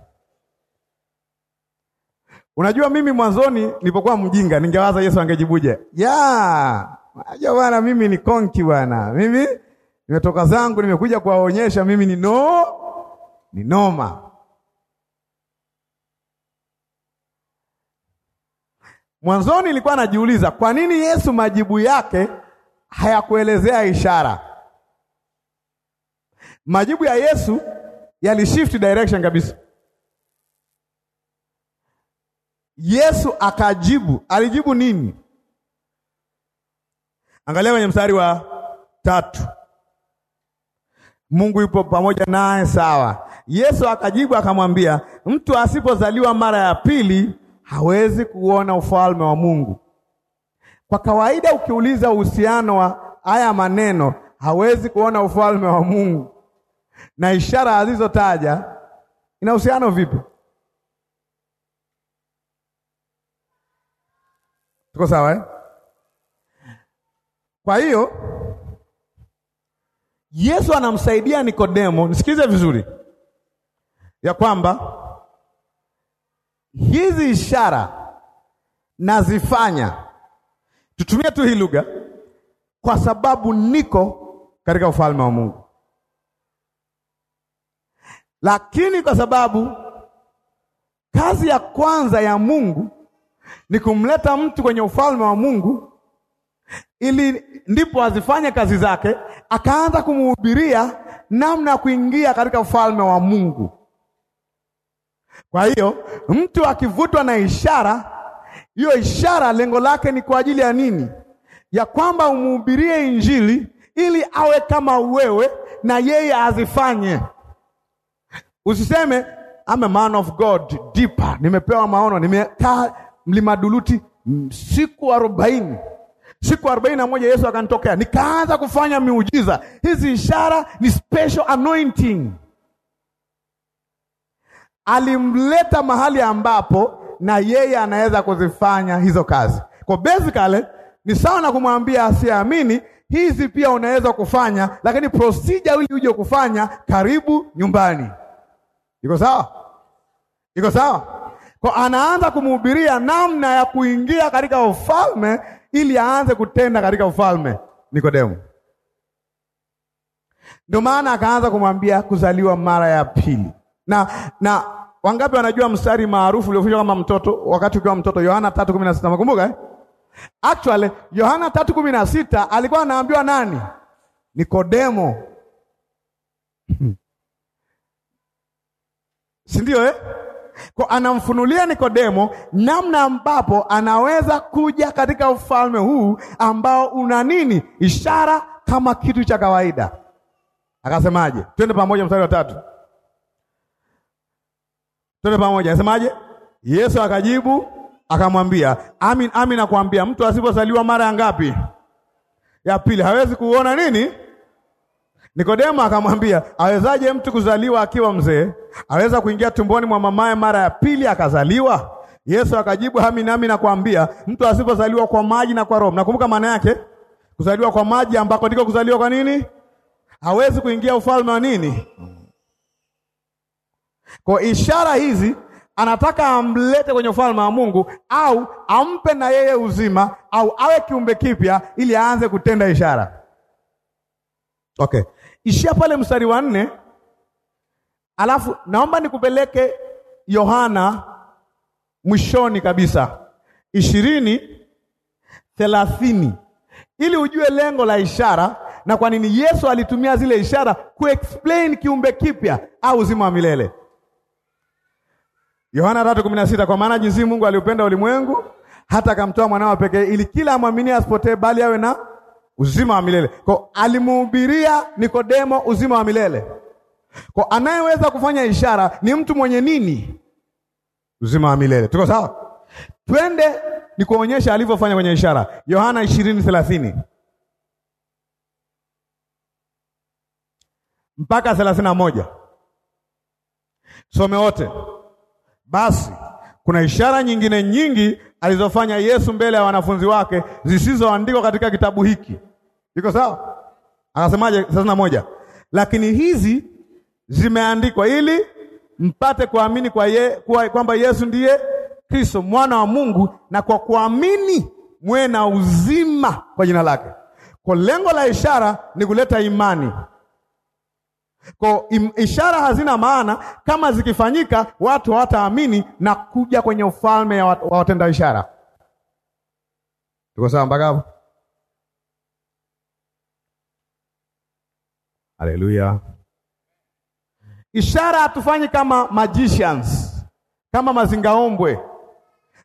Unajua, mimi mwanzoni nilipokuwa mjinga ningewaza Yesu angejibuje? Ya, unajua bwana, mimi ni konki bwana, mimi nimetoka zangu, nimekuja kuwaonyesha mimi ni no, ni noma Mwanzoni nilikuwa najiuliza kwa nini Yesu majibu yake hayakuelezea ishara. Majibu ya Yesu yalishift direction kabisa. Yesu akajibu, alijibu nini? Angalia kwenye mstari wa tatu. Mungu yupo pamoja naye, sawa. Yesu akajibu akamwambia, mtu asipozaliwa mara ya pili hawezi kuona ufalme wa Mungu. Kwa kawaida, ukiuliza uhusiano wa haya maneno hawezi kuona ufalme wa Mungu na ishara alizotaja ina uhusiano vipi? Tuko sawa eh? Kwa hiyo Yesu anamsaidia Nikodemo, nisikize vizuri, ya kwamba hizi ishara nazifanya, tutumie tu hii lugha, kwa sababu niko katika ufalme wa Mungu. Lakini kwa sababu kazi ya kwanza ya Mungu ni kumleta mtu kwenye ufalme wa Mungu, ili ndipo azifanye kazi zake, akaanza kumuhubiria namna ya kuingia katika ufalme wa Mungu. Kwa hiyo mtu akivutwa na ishara hiyo, ishara lengo lake ni kwa ajili ya nini? Ya kwamba umhubirie Injili ili awe kama wewe na yeye azifanye. Usiseme I'm a man of God deeper, nimepewa maono, nimekaa mlima Duluti siku arobaini siku arobaini na moja Yesu akanitokea, nikaanza kufanya miujiza. Hizi ishara ni special anointing alimleta mahali ambapo na yeye anaweza kuzifanya hizo kazi. Kwa basically ni sawa na kumwambia asiamini, hizi pia unaweza kufanya, lakini procedure ili uje kufanya karibu nyumbani. Iko sawa? Iko sawa? Kwa anaanza kumhubiria namna ya kuingia katika ufalme ili aanze kutenda katika ufalme. Nikodemu ndio maana akaanza kumwambia kuzaliwa mara ya pili na na wangapi wanajua mstari maarufu uliofichwa kama mtoto wakati ukiwa mtoto, Yohana 3:16. unakumbuka eh? Actually Yohana 3:16 alikuwa anaambiwa nani? Nikodemo. Hmm. Si ndio eh? Kwa anamfunulia Nikodemo namna ambapo anaweza kuja katika ufalme huu ambao una nini? Ishara kama kitu cha kawaida. Akasemaje? Twende pamoja mstari wa tatu. Twende pamoja, asemaje? Yesu akajibu akamwambia, amin amin, nakwambia mtu asipozaliwa mara ya ngapi? Ya pili hawezi kuona nini? Nikodemo akamwambia, awezaje mtu kuzaliwa akiwa mzee? Aweza kuingia tumboni mwa mamaye mara ya pili akazaliwa? Yesu akajibu, amin amin, nakwambia mtu asipozaliwa kwa maji na kwa Roho, nakumbuka maana yake kuzaliwa kwa maji ambako ndiko kuzaliwa kwa nini, hawezi kuingia ufalme wa nini kwa ishara hizi anataka amlete kwenye ufalme wa Mungu au ampe na yeye uzima au awe kiumbe kipya ili aanze kutenda ishara. Okay. Ishia pale mstari wa nne. Alafu naomba nikupeleke Yohana mwishoni kabisa ishirini thelathini ili ujue lengo la ishara na kwa nini Yesu alitumia zile ishara explain kiumbe kipya au uzima wa milele. Yohana 3:16 kwa maana jinsi Mungu aliupenda ulimwengu hata akamtoa mwanao pekee ili kila amwaminie asipotee bali awe na uzima wa milele. Kwa alimuhubiria Nikodemo uzima wa milele. Kwa anayeweza kufanya ishara ni mtu mwenye nini? Uzima wa milele. Tuko sawa? Twende nikuonyesha alivyofanya kwenye ishara. Yohana 20:30 mpaka 31. Some wote. Basi kuna ishara nyingine nyingi alizofanya Yesu mbele ya wanafunzi wake zisizoandikwa katika kitabu hiki. Iko sawa? Akasemaje thelathini na moja? Lakini hizi zimeandikwa ili mpate kuamini kwa ye, kwa, kwamba Yesu ndiye Kristo mwana wa Mungu na kwa kuamini mwe na uzima kwa jina lake. Kwa lengo la ishara ni kuleta imani. Kwa ishara hazina maana kama zikifanyika watu hawataamini na kuja kwenye ufalme wa watenda ishara. Tuko sawa mpaka hapo? Haleluya. Ishara hatufanyi kama magicians, kama mazingaombwe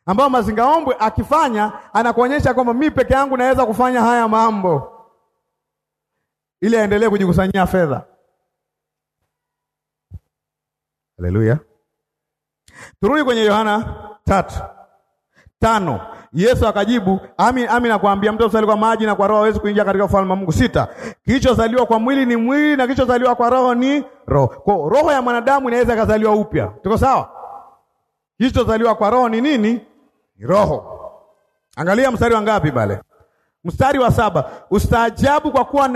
ambao mazingaombwe akifanya anakuonyesha kwamba mi peke yangu naweza kufanya haya mambo ili aendelee kujikusanyia fedha. Haleluya. Turudi kwenye Yohana tatu tano. Yesu akajibu, ami ami nakwambia, mtu asali kwa maji na kwa roho hawezi kuingia katika ufalme wa Mungu. Sita, kilichozaliwa kwa mwili ni mwili na kilichozaliwa kwa roho ni roho. Kwa roho ya mwanadamu inaweza ikazaliwa upya, tuko sawa? Kilichozaliwa kwa roho ni nini? Ni roho. Angalia mstari wa ngapi pale? Mstari wa saba, ustaajabu kwa kuwa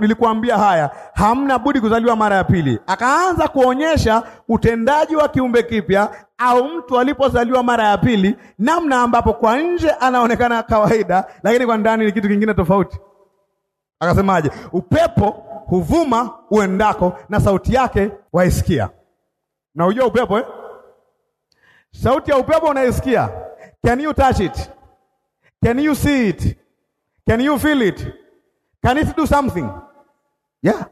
nilikuambia haya, hamna budi kuzaliwa mara ya pili. Akaanza kuonyesha utendaji wa kiumbe kipya au mtu alipozaliwa mara ya pili, namna ambapo kwa nje anaonekana kawaida, lakini kwa ndani ni kitu kingine tofauti. Akasemaje? Upepo huvuma uendako, na sauti yake waisikia. Na ujua upepo eh? Sauti ya upepo unaisikia. Can you touch it? Can you see it? Can you feel it? Can it do something? Yeah.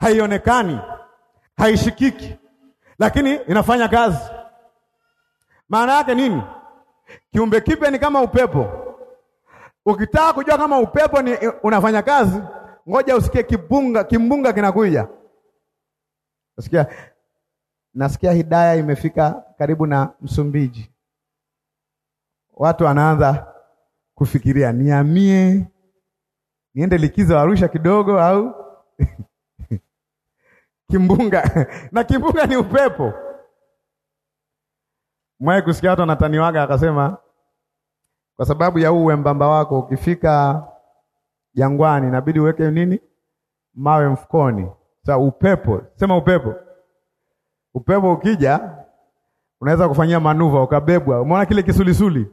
Haionekani, haishikiki, lakini inafanya kazi. Maana yake nini? Kiumbe kipya ni kama upepo. Ukitaka kujua kama upepo ni unafanya kazi, ngoja usikie kibunga, kimbunga kinakuja. Nasikia, nasikia Hidaya imefika karibu na Msumbiji, watu wanaanza kufikiria niamie niende likizo Arusha kidogo au *laughs* kimbunga *laughs* na kimbunga ni upepo. Mwae kusikia watu wanataniwaga, akasema kwa sababu ya uwe mbamba wako, ukifika jangwani inabidi uweke nini, mawe mfukoni. Sa upepo, sema upepo, upepo ukija unaweza kufanyia manuva ukabebwa. Umeona kile kisulisuli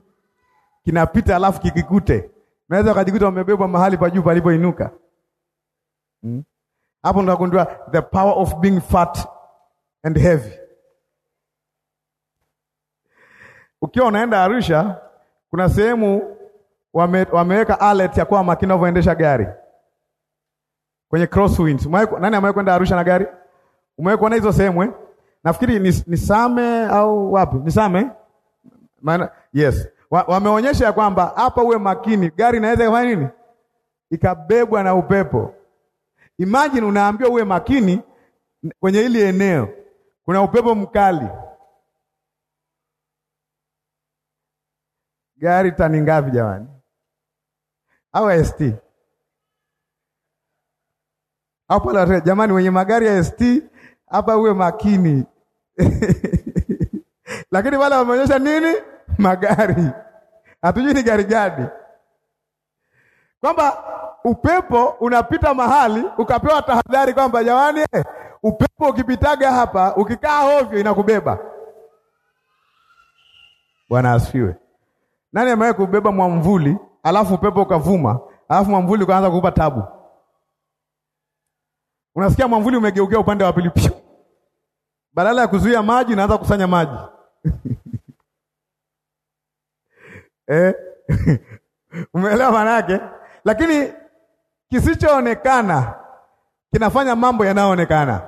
kinapita alafu kikikute, naweza ukajikuta umebebwa mahali pa juu palipoinuka hmm? hapo. Hmm, ndakundua the power of being fat and heavy. Ukiwa unaenda Arusha, kuna sehemu wame, wameweka alert ya kuwa makini unavyoendesha gari kwenye crosswind. Nani amewahi kwenda Arusha na gari? Umewahi kuona hizo sehemu eh? Nafikiri ni, ni Same au wapi? Ni Same. Maana yes wameonyesha ya kwamba hapa uwe makini, gari inaweza kufanya nini? Ikabebwa na upepo. Imagine unaambiwa uwe makini kwenye hili eneo, kuna upepo mkali, gari tani ngapi jamani? au ST hapo la jamani, wenye magari ya ST hapa uwe makini. *laughs* Lakini wale wameonyesha nini? Magari hatujui ni gari gani, kwamba upepo unapita mahali ukapewa tahadhari kwamba jamani, upepo ukipitaga hapa, ukikaa ovyo inakubeba. Bwana asifiwe. Nani amewahi kubeba mwamvuli alafu upepo ukavuma, alafu mwamvuli ukaanza kukupa tabu? Unasikia mwamvuli umegeukea upande wa pili, badala ya kuzuia maji unaanza kusanya maji *laughs* eh? *laughs* umeelewa maana yake? Lakini kisichoonekana kinafanya mambo yanayoonekana.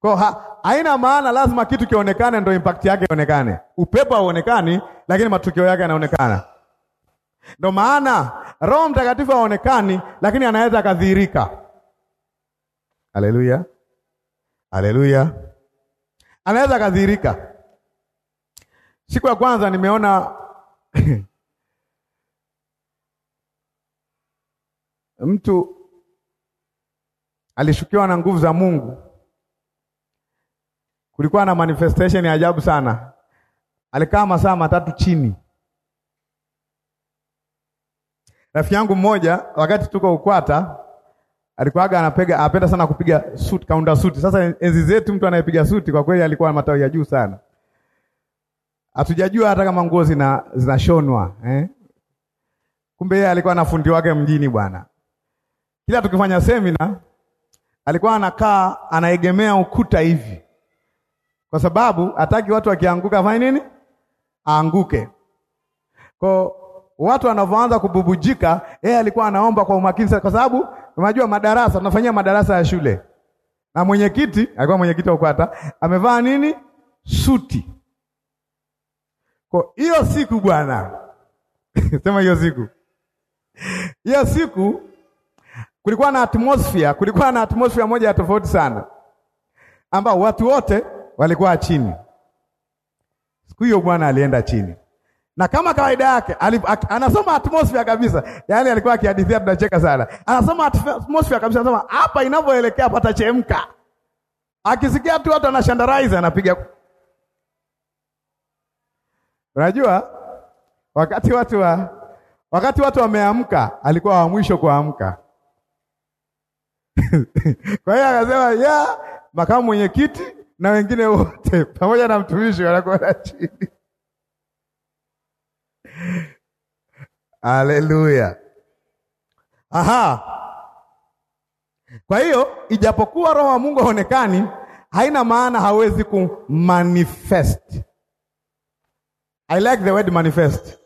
Kwa haina maana lazima kitu kionekane ndio impact yake ionekane. Upepo hauonekani, lakini matukio yake yanaonekana. Ndio maana Roho Mtakatifu haonekani, lakini anaweza akadhihirika. Haleluya, haleluya, anaweza akadhihirika. Siku ya kwanza nimeona *laughs* mtu alishukiwa na nguvu za Mungu. Kulikuwa na manifestation ya ajabu sana. Alikaa masaa matatu chini. Rafiki yangu mmoja wakati tuko Ukwata alikuwaga anapiga apenda sana kupiga suit, kaunda suti. Sasa enzi zetu mtu anayepiga suti kwa kweli alikuwa na matawi ya juu sana. Hatujajua hata kama nguo zina zinashonwa eh? Kumbe yeye alikuwa na fundi wake mjini bwana. Kila tukifanya semina alikuwa anakaa anaegemea ukuta hivi, kwa sababu hataki watu wakianguka afanye nini, aanguke. Kwa watu wanavyoanza kububujika, yeye alikuwa anaomba kwa umakini, kwa sababu unajua madarasa tunafanyia madarasa ya shule, na mwenyekiti alikuwa mwenyekiti wa kwata amevaa nini, suti kwa hiyo siku bwana *laughs* sema hiyo siku hiyo siku kulikuwa na atmosphere, kulikuwa na atmosphere moja ya tofauti sana, ambao watu wote walikuwa chini. Siku hiyo Bwana alienda chini, na kama kawaida yake anasoma atmosphere kabisa. Yaani alikuwa akihadithia, tunacheka sana, anasoma atmosphere kabisa, anasema hapa inavyoelekea patachemka. Akisikia tu watu anashandarize, anapiga Unajua wakati watu wa wakati watu wameamka alikuwa wa mwisho kuamka. *laughs* Kwa hiyo akasema ya makamu mwenyekiti na wengine wote *laughs* pamoja na mtumishi wanakuwa na chini. aleluya *laughs* Aha. Kwa hiyo ijapokuwa roho wa Mungu haonekani, haina maana hawezi kumanifest I like the word manifest.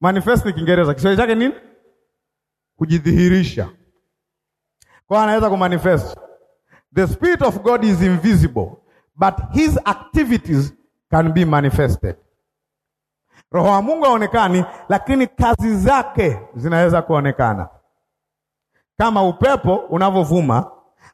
Manifest ni Kiingereza, Kiswahili chake nini? Kujidhihirisha. Kwa anaweza kumanifest. The spirit of God is invisible, but his activities can be manifested. Roho wa Mungu haonekani, lakini kazi zake zinaweza kuonekana, kama upepo unavyovuma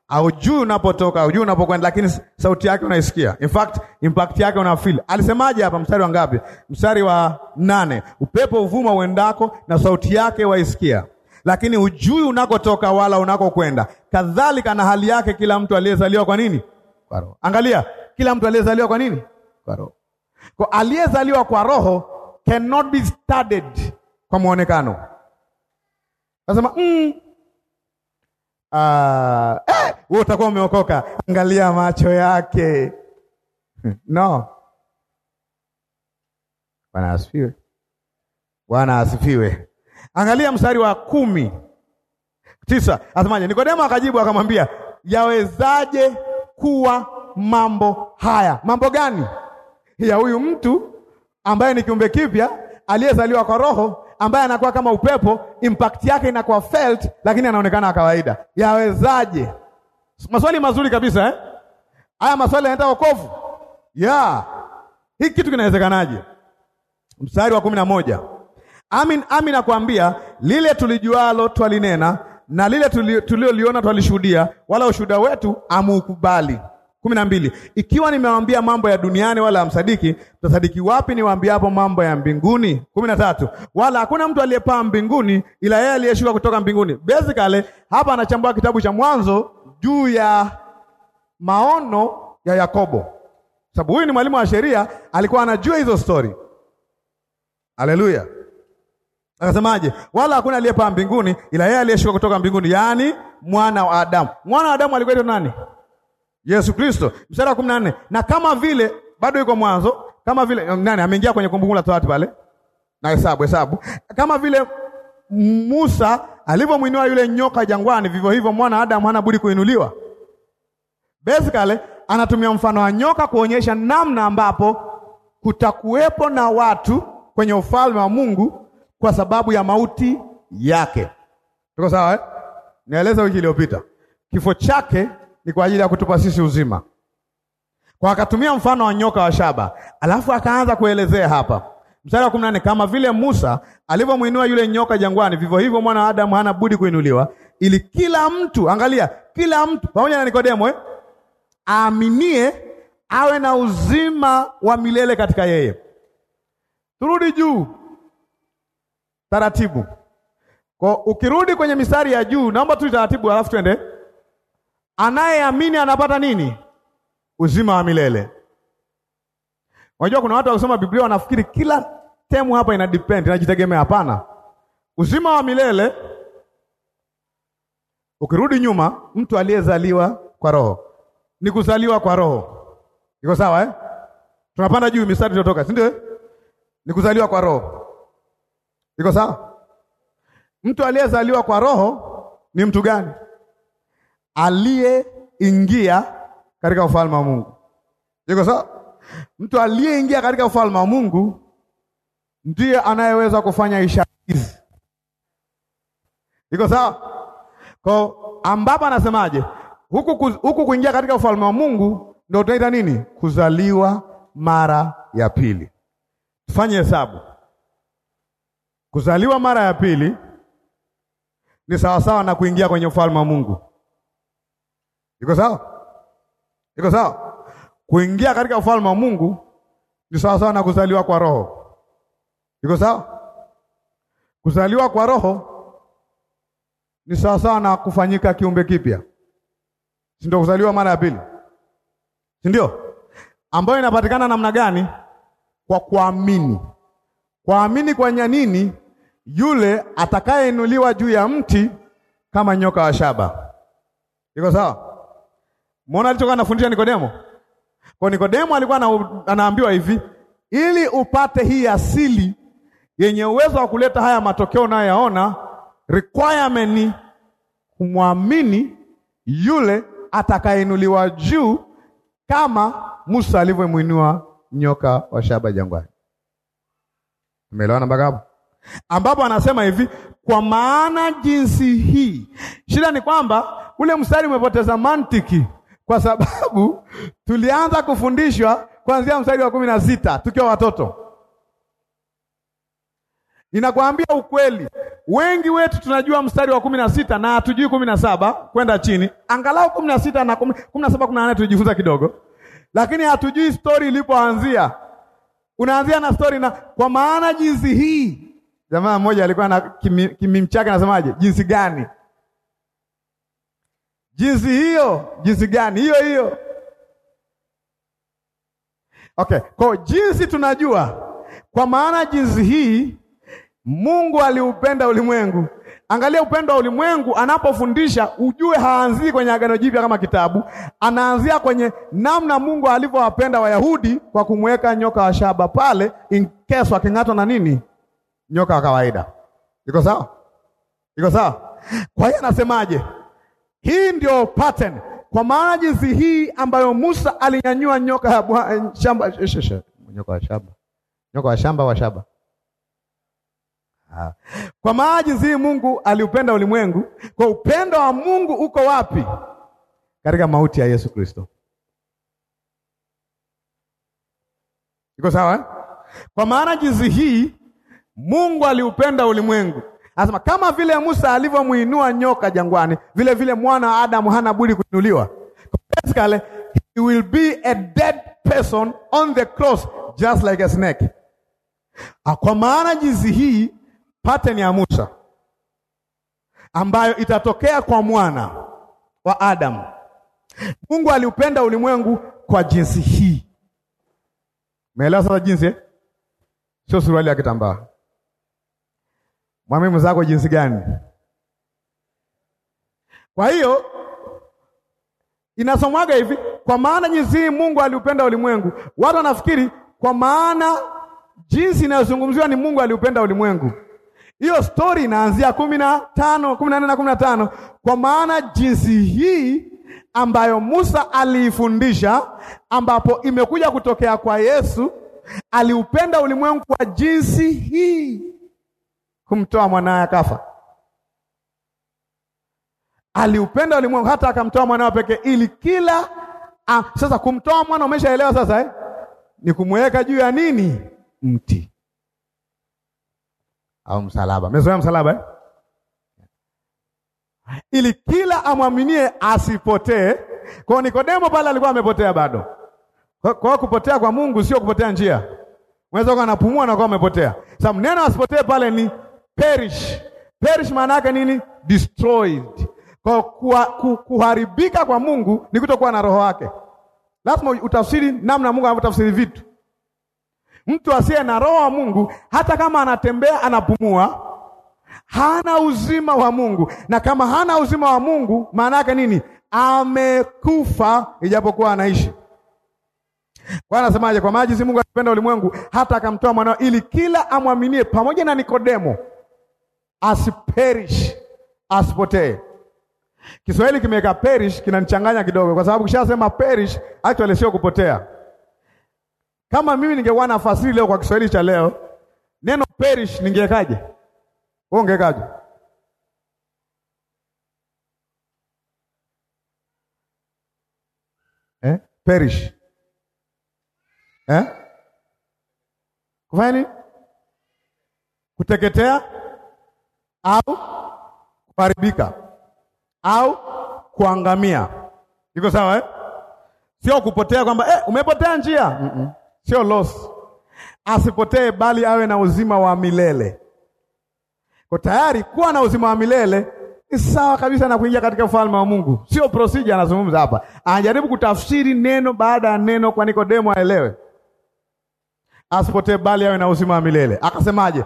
aujui unapotoka, aujui unapokwenda, lakini sauti yake unaisikia. In fact, impact yake una feel. Alisemaje hapa? Mstari wa ngapi? Mstari wa nane, upepo uvuma uendako na sauti yake waisikia, lakini hujui unakotoka wala unakokwenda. Kadhalika na hali yake kila mtu aliyezaliwa kwa nini? Kwa roho. Angalia, kila mtu aliyezaliwa kwa nini? Kwa roho. Kwa aliyezaliwa kwa roho cannot be studied kwa muonekano. Nasema mm, uh, eh, wewe utakuwa umeokoka. Angalia macho yake. *laughs* No. Bwana asifiwe. Bwana asifiwe. Angalia mstari wa kumi tisa, asemaje? Nikodemo akajibu akamwambia, yawezaje kuwa mambo haya? Mambo gani ya huyu mtu ambaye ni kiumbe kipya aliyezaliwa kwa Roho, ambaye anakuwa kama upepo, impact yake inakuwa felt, lakini anaonekana kawaida. Yawezaje? Maswali mazuri kabisa eh? Haya maswali yanaenda wokovu ya yeah. Hii kitu kinawezekanaje? Mstari wa kumi na moja amin, amin nakwambia lile tulijualo twalinena na lile tulioliona twalishuhudia, wala ushuhuda wetu amuukubali. kumi na mbili ikiwa nimewaambia mambo ya duniani wala amsadiki mtasadiki wapi niwaambiapo mambo ya mbinguni? kumi na tatu wala hakuna mtu aliyepaa mbinguni ila yeye aliyeshuka kutoka mbinguni. Basically hapa anachambua kitabu cha Mwanzo juu ya maono ya Yakobo, sababu huyu ni mwalimu wa sheria, alikuwa anajua hizo stori. Haleluya! Akasemaje? wala hakuna aliyepaa mbinguni ila yeye aliyeshuka kutoka mbinguni, yaani mwana wa Adamu. Mwana wa Adamu alikuwa nani? Yesu Kristo. Mstari wa kumi na nne na kama vile bado yuko mwanzo, kama vile nani ameingia kwenye kumbukumbu la Torati pale na hesabu hesabu, kama vile Musa alivyomwinua yule nyoka jangwani, vivyo hivyo mwana Adamu hana budi kuinuliwa. Basically anatumia mfano wa nyoka kuonyesha namna ambapo kutakuwepo na watu kwenye ufalme wa Mungu kwa sababu ya mauti yake. Tuko sawa eh? Nieleza wiki iliyopita, kifo chake ni kwa ajili ya kutupa sisi uzima, kwa akatumia mfano wa nyoka wa shaba, alafu akaanza kuelezea hapa mstari wa kumi na nane kama vile Musa alivyomwinua yule nyoka jangwani, vivyo hivyo mwana wa Adamu hana budi kuinuliwa, ili kila mtu, angalia, kila mtu pamoja na Nikodemo eh, aaminie awe na uzima wa milele katika yeye. Turudi juu taratibu, kwa ukirudi kwenye mistari ya juu, naomba tu taratibu, halafu twende. Anayeamini anapata nini? Uzima wa milele. Unajua kuna watu wakusoma Biblia wanafikiri kila temu hapa ina depend, inajitegemea. Hapana, uzima wa milele ukirudi nyuma, mtu aliyezaliwa kwa roho ni kuzaliwa kwa roho, iko sawa eh? Tunapanda juu mistari tutotoka, si ndio? Eh? Ni kuzaliwa kwa roho, iko sawa. Mtu aliyezaliwa kwa roho ni mtu gani? Aliyeingia katika ufalme wa Mungu, iko sawa Mtu aliyeingia katika ufalme wa Mungu ndiye anayeweza kufanya ishara hizi. Iko sawa? Kwa ambapo anasemaje? Huku huku kuingia katika ufalme wa Mungu ndio tunaita nini? Kuzaliwa mara ya pili. Tufanye hesabu. Kuzaliwa mara ya pili ni sawasawa na kuingia kwenye ufalme wa Mungu. Iko sawa? Iko sawa? Kuingia katika ufalme wa Mungu ni sawasawa na kuzaliwa kwa roho. Iko sawa? Kuzaliwa kwa roho ni sawasawa na kufanyika kiumbe kipya, si ndio? Kuzaliwa mara ya pili, si ndio? Ambayo inapatikana namna gani? Kwa kuamini. Kuamini kwenye nini? Yule atakayeinuliwa juu ya mti kama nyoka wa shaba. Iko sawa? Muona alichokuwa anafundisha Nikodemo. Kwa Nikodemo alikuwa anaambiwa hivi, ili upate hii asili yenye uwezo wa kuleta haya matokeo unayoyaona, requirement ni kumwamini yule atakayeinuliwa juu kama Musa alivyomwinua nyoka wa shaba jangwani. Umeelewana mpaka hapo? Ambapo anasema hivi, kwa maana jinsi hii. Shida ni kwamba ule mstari umepoteza mantiki kwa sababu *laughs* tulianza kufundishwa kuanzia mstari wa kumi na sita tukiwa watoto. Ninakwambia ukweli, wengi wetu tunajua mstari wa kumi na sita na hatujui kumi na saba kwenda chini, angalau kumi na sita na kumi na saba kumi na nane tulijifunza kidogo, lakini hatujui stori ilipoanzia. Unaanzia na stori na kwa maana jinsi hii. Jamaa mmoja alikuwa na kimim chake anasemaje, jinsi gani jinsi hiyo. Jinsi gani hiyo hiyo? Okay, kwa jinsi tunajua, kwa maana jinsi hii Mungu aliupenda ulimwengu. Angalia upendo wa ulimwengu, anapofundisha ujue, haanzii kwenye Agano Jipya kama kitabu, anaanzia kwenye namna Mungu alivyowapenda Wayahudi kwa kumweka nyoka wa shaba pale, in case waking'atwa na nini, nyoka wa kawaida. Iko sawa? Iko sawa? Kwa hiyo anasemaje? Hii ndio pattern, kwa maana jinsi hii ambayo Musa alinyanyua nyoka ya eh, shamba, eh, eh, nyoka wa shamba, nyoka wa shamba wa shaba Kwa maana jinsi hii Mungu aliupenda ulimwengu. Kwa upendo wa Mungu uko wapi? Katika mauti ya Yesu Kristo. Iko sawa? Kwa maana jinsi hii Mungu aliupenda ulimwengu Anasema kama vile Musa alivyomwinua nyoka jangwani, vile vile mwana wa Adamu hana budi kuinuliwa. Basically, he will be a dead person on the cross just like a snake. Ah, kwa maana jinsi hii pattern ya Musa ambayo itatokea kwa mwana wa Adamu. Mungu aliupenda ulimwengu kwa jinsi hii. Umeelewa sasa jinsi? Eh? Sio suruali ya kitambaa. Mwambie mwenzako jinsi gani. Kwa hiyo inasomwaga hivi, kwa maana jinsi hii Mungu aliupenda ulimwengu. Watu wanafikiri kwa maana jinsi inayozungumziwa ni Mungu aliupenda ulimwengu. Hiyo stori inaanzia kumi na tano kumi na nne na kumi na tano Kwa maana jinsi hii ambayo Musa aliifundisha, ambapo imekuja kutokea kwa Yesu, aliupenda ulimwengu kwa jinsi hii kumtoa mwanawe akafa. Aliupenda ulimwengu hata akamtoa mwanawe pekee, ili kila a, sasa kumtoa mwana umeshaelewa sasa eh? Ni kumweka juu ya nini? Mti au msalaba. Mmezoea msalaba eh? Ili kila amwaminie asipotee. Kwa Nikodemo pale alikuwa amepotea bado. Kwa hiyo kupotea kwa Mungu sio kupotea njia. Unaweza kuwa anapumua na kuwa amepotea. Sasa neno asipotee pale ni perish. Perish maana yake nini? Destroyed. Kwa ku, kuharibika kwa Mungu ni kutokuwa na roho wake. Lazima utafsiri namna Mungu anavyotafsiri vitu. Mtu asiye na roho wa Mungu, hata kama anatembea anapumua, hana uzima wa Mungu, na kama hana uzima wa Mungu, maana yake nini? Amekufa ijapokuwa anaishi. Kwa anasemaje? Kwa majizi jinsi Mungu alipenda ulimwengu hata akamtoa mwanao, ili kila amwaminie, pamoja na Nikodemo asiperish, asipotee. Kiswahili kimeweka perish, kinanichanganya kidogo, kwa sababu kishasema perish actually sio kupotea. Kama mimi ningekuwa na fasiri leo kwa Kiswahili cha leo, neno perish ningekaje? Wewe ungekaje? Eh? Perish. Eh? Kufanya nini? Kuteketea? au kuharibika au kuangamia. Iko sawa eh? Sio kupotea kwamba eh, umepotea njia mm -mm. Sio loss, asipotee bali awe na uzima wa milele. Kwa tayari kuwa na uzima wa milele ni sawa kabisa na kuingia katika ufalme wa Mungu. Sio procedure anazungumza hapa, anajaribu kutafsiri neno baada ya neno kwa Nikodemo aelewe. Asipotee bali awe na uzima wa milele. Akasemaje?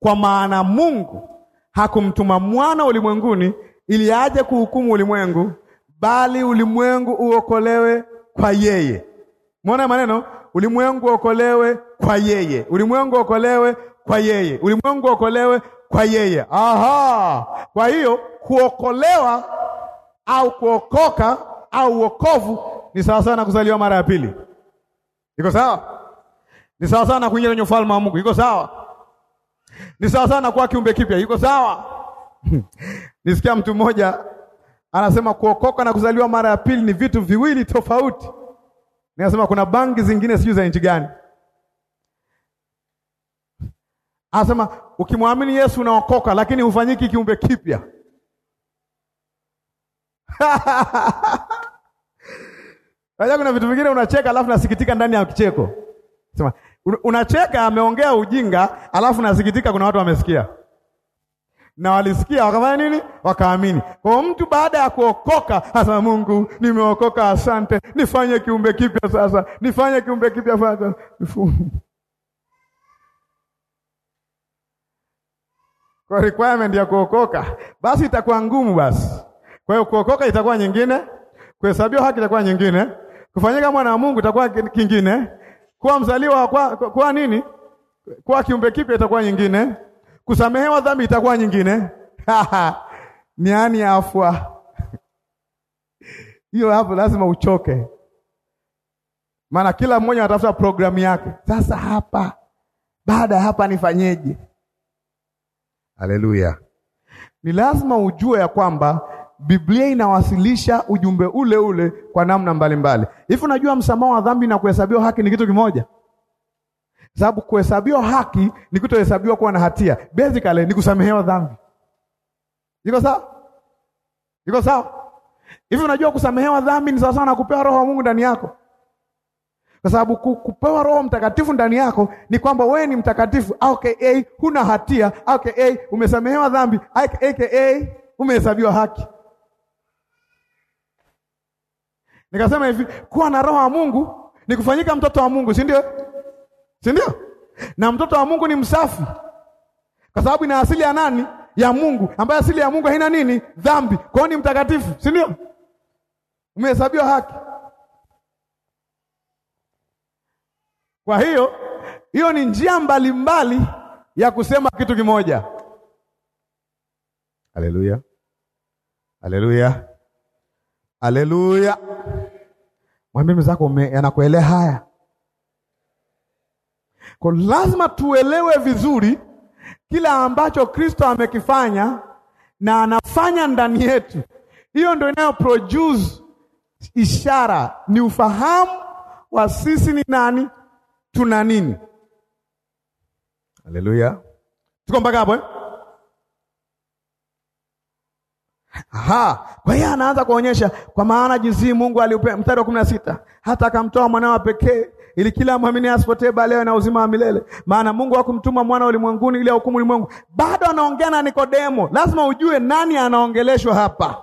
Kwa maana Mungu hakumtuma mwana ulimwenguni ili aje kuhukumu ulimwengu, bali ulimwengu uokolewe kwa yeye. Mwona maneno, ulimwengu uokolewe kwa yeye, ulimwengu uokolewe kwa yeye, ulimwengu uokolewe kwa yeye. Aha, kwa hiyo kuokolewa au kuokoka au uokovu ni sawasawa na kuzaliwa mara ya pili. Iko sawa? Ni sawasawa na kuingia kwenye ufalme wa Mungu. Iko sawa? Ni sawa sana kuwa kiumbe kipya. Iko sawa? *laughs* Nisikia mtu mmoja anasema kuokoka na kuzaliwa mara ya pili ni vitu viwili tofauti. Ninasema kuna bangi zingine sijui za nchi gani. Anasema ukimwamini Yesu unaokoka, lakini hufanyiki kiumbe kipya. *laughs* Najua kuna vitu vingine unacheka alafu nasikitika ndani ya kicheko. Sema Unacheka ameongea ujinga, alafu nasikitika kuna watu wamesikia na walisikia wakafanya nini? Wakaamini. Kwa mtu baada ya kuokoka hasa, Mungu nimeokoka, asante, nifanye kiumbe kipya sasa, nifanye kiumbe kipya sasa. *laughs* Kwa requirement ya kuokoka basi itakuwa ngumu. Basi kwa hiyo kuokoka itakuwa nyingine, kuhesabiwa haki itakuwa nyingine, kufanyika mwana wa Mungu itakuwa kingine kuwa mzaliwa kwa, kwa, kwa nini? Kuwa kiumbe kipya itakuwa nyingine, kusamehewa dhambi itakuwa nyingine. Niani afwa hiyo hapo, lazima uchoke, maana kila mmoja anatafuta programu yake. Sasa hapa baada ya hapa nifanyeje? Haleluya! Ni lazima ujue ya kwamba Biblia inawasilisha ujumbe ule ule kwa namna mbalimbali. Hivi unajua msamaha wa dhambi na kuhesabiwa haki ni kitu kimoja? Sababu kuhesabiwa haki ni kutohesabiwa kuwa na hatia, basically ni kusamehewa dhambi. Iko sawa? Iko sawa? Hivi unajua kusamehewa dhambi ni sawasawa na kupewa roho wa Mungu ndani yako, kwa sababu kupewa Roho Mtakatifu ndani yako ni kwamba wewe ni mtakatifu, aka huna hatia, aka umesamehewa dhambi, aka umehesabiwa haki. Nikasema hivi, kuwa na roho wa Mungu ni kufanyika mtoto wa Mungu, si ndio? Si ndio? Na mtoto wa Mungu ni msafi, kwa sababu ina asili ya nani? Ya Mungu, ambayo asili ya Mungu haina nini? Dhambi. Kwa hiyo ni mtakatifu, si ndio? Umehesabiwa haki. Kwa hiyo hiyo ni njia mbalimbali mbali ya kusema kitu kimoja. Haleluya, haleluya, haleluya. Mwambie mwenzako yanakuelea haya. Kwa lazima tuelewe vizuri kila ambacho Kristo amekifanya na anafanya ndani yetu. Hiyo ndio inayo produce ishara, ni ufahamu wa sisi ni nani, tuna nini. Haleluya, tuko mpaka hapo eh? Aha. Kwa hiyo anaanza kuonyesha kwa maana jinsi Mungu aliupenda mstari wa kumi na sita hata akamtoa wa pekee ili kila mwamini asipotee bali awe na uzima wa milele, maana Mungu hakumtuma mwana ulimwenguni ili ahukumu ulimwengu. Bado anaongea na Nikodemo, lazima ujue nani anaongeleshwa hapa,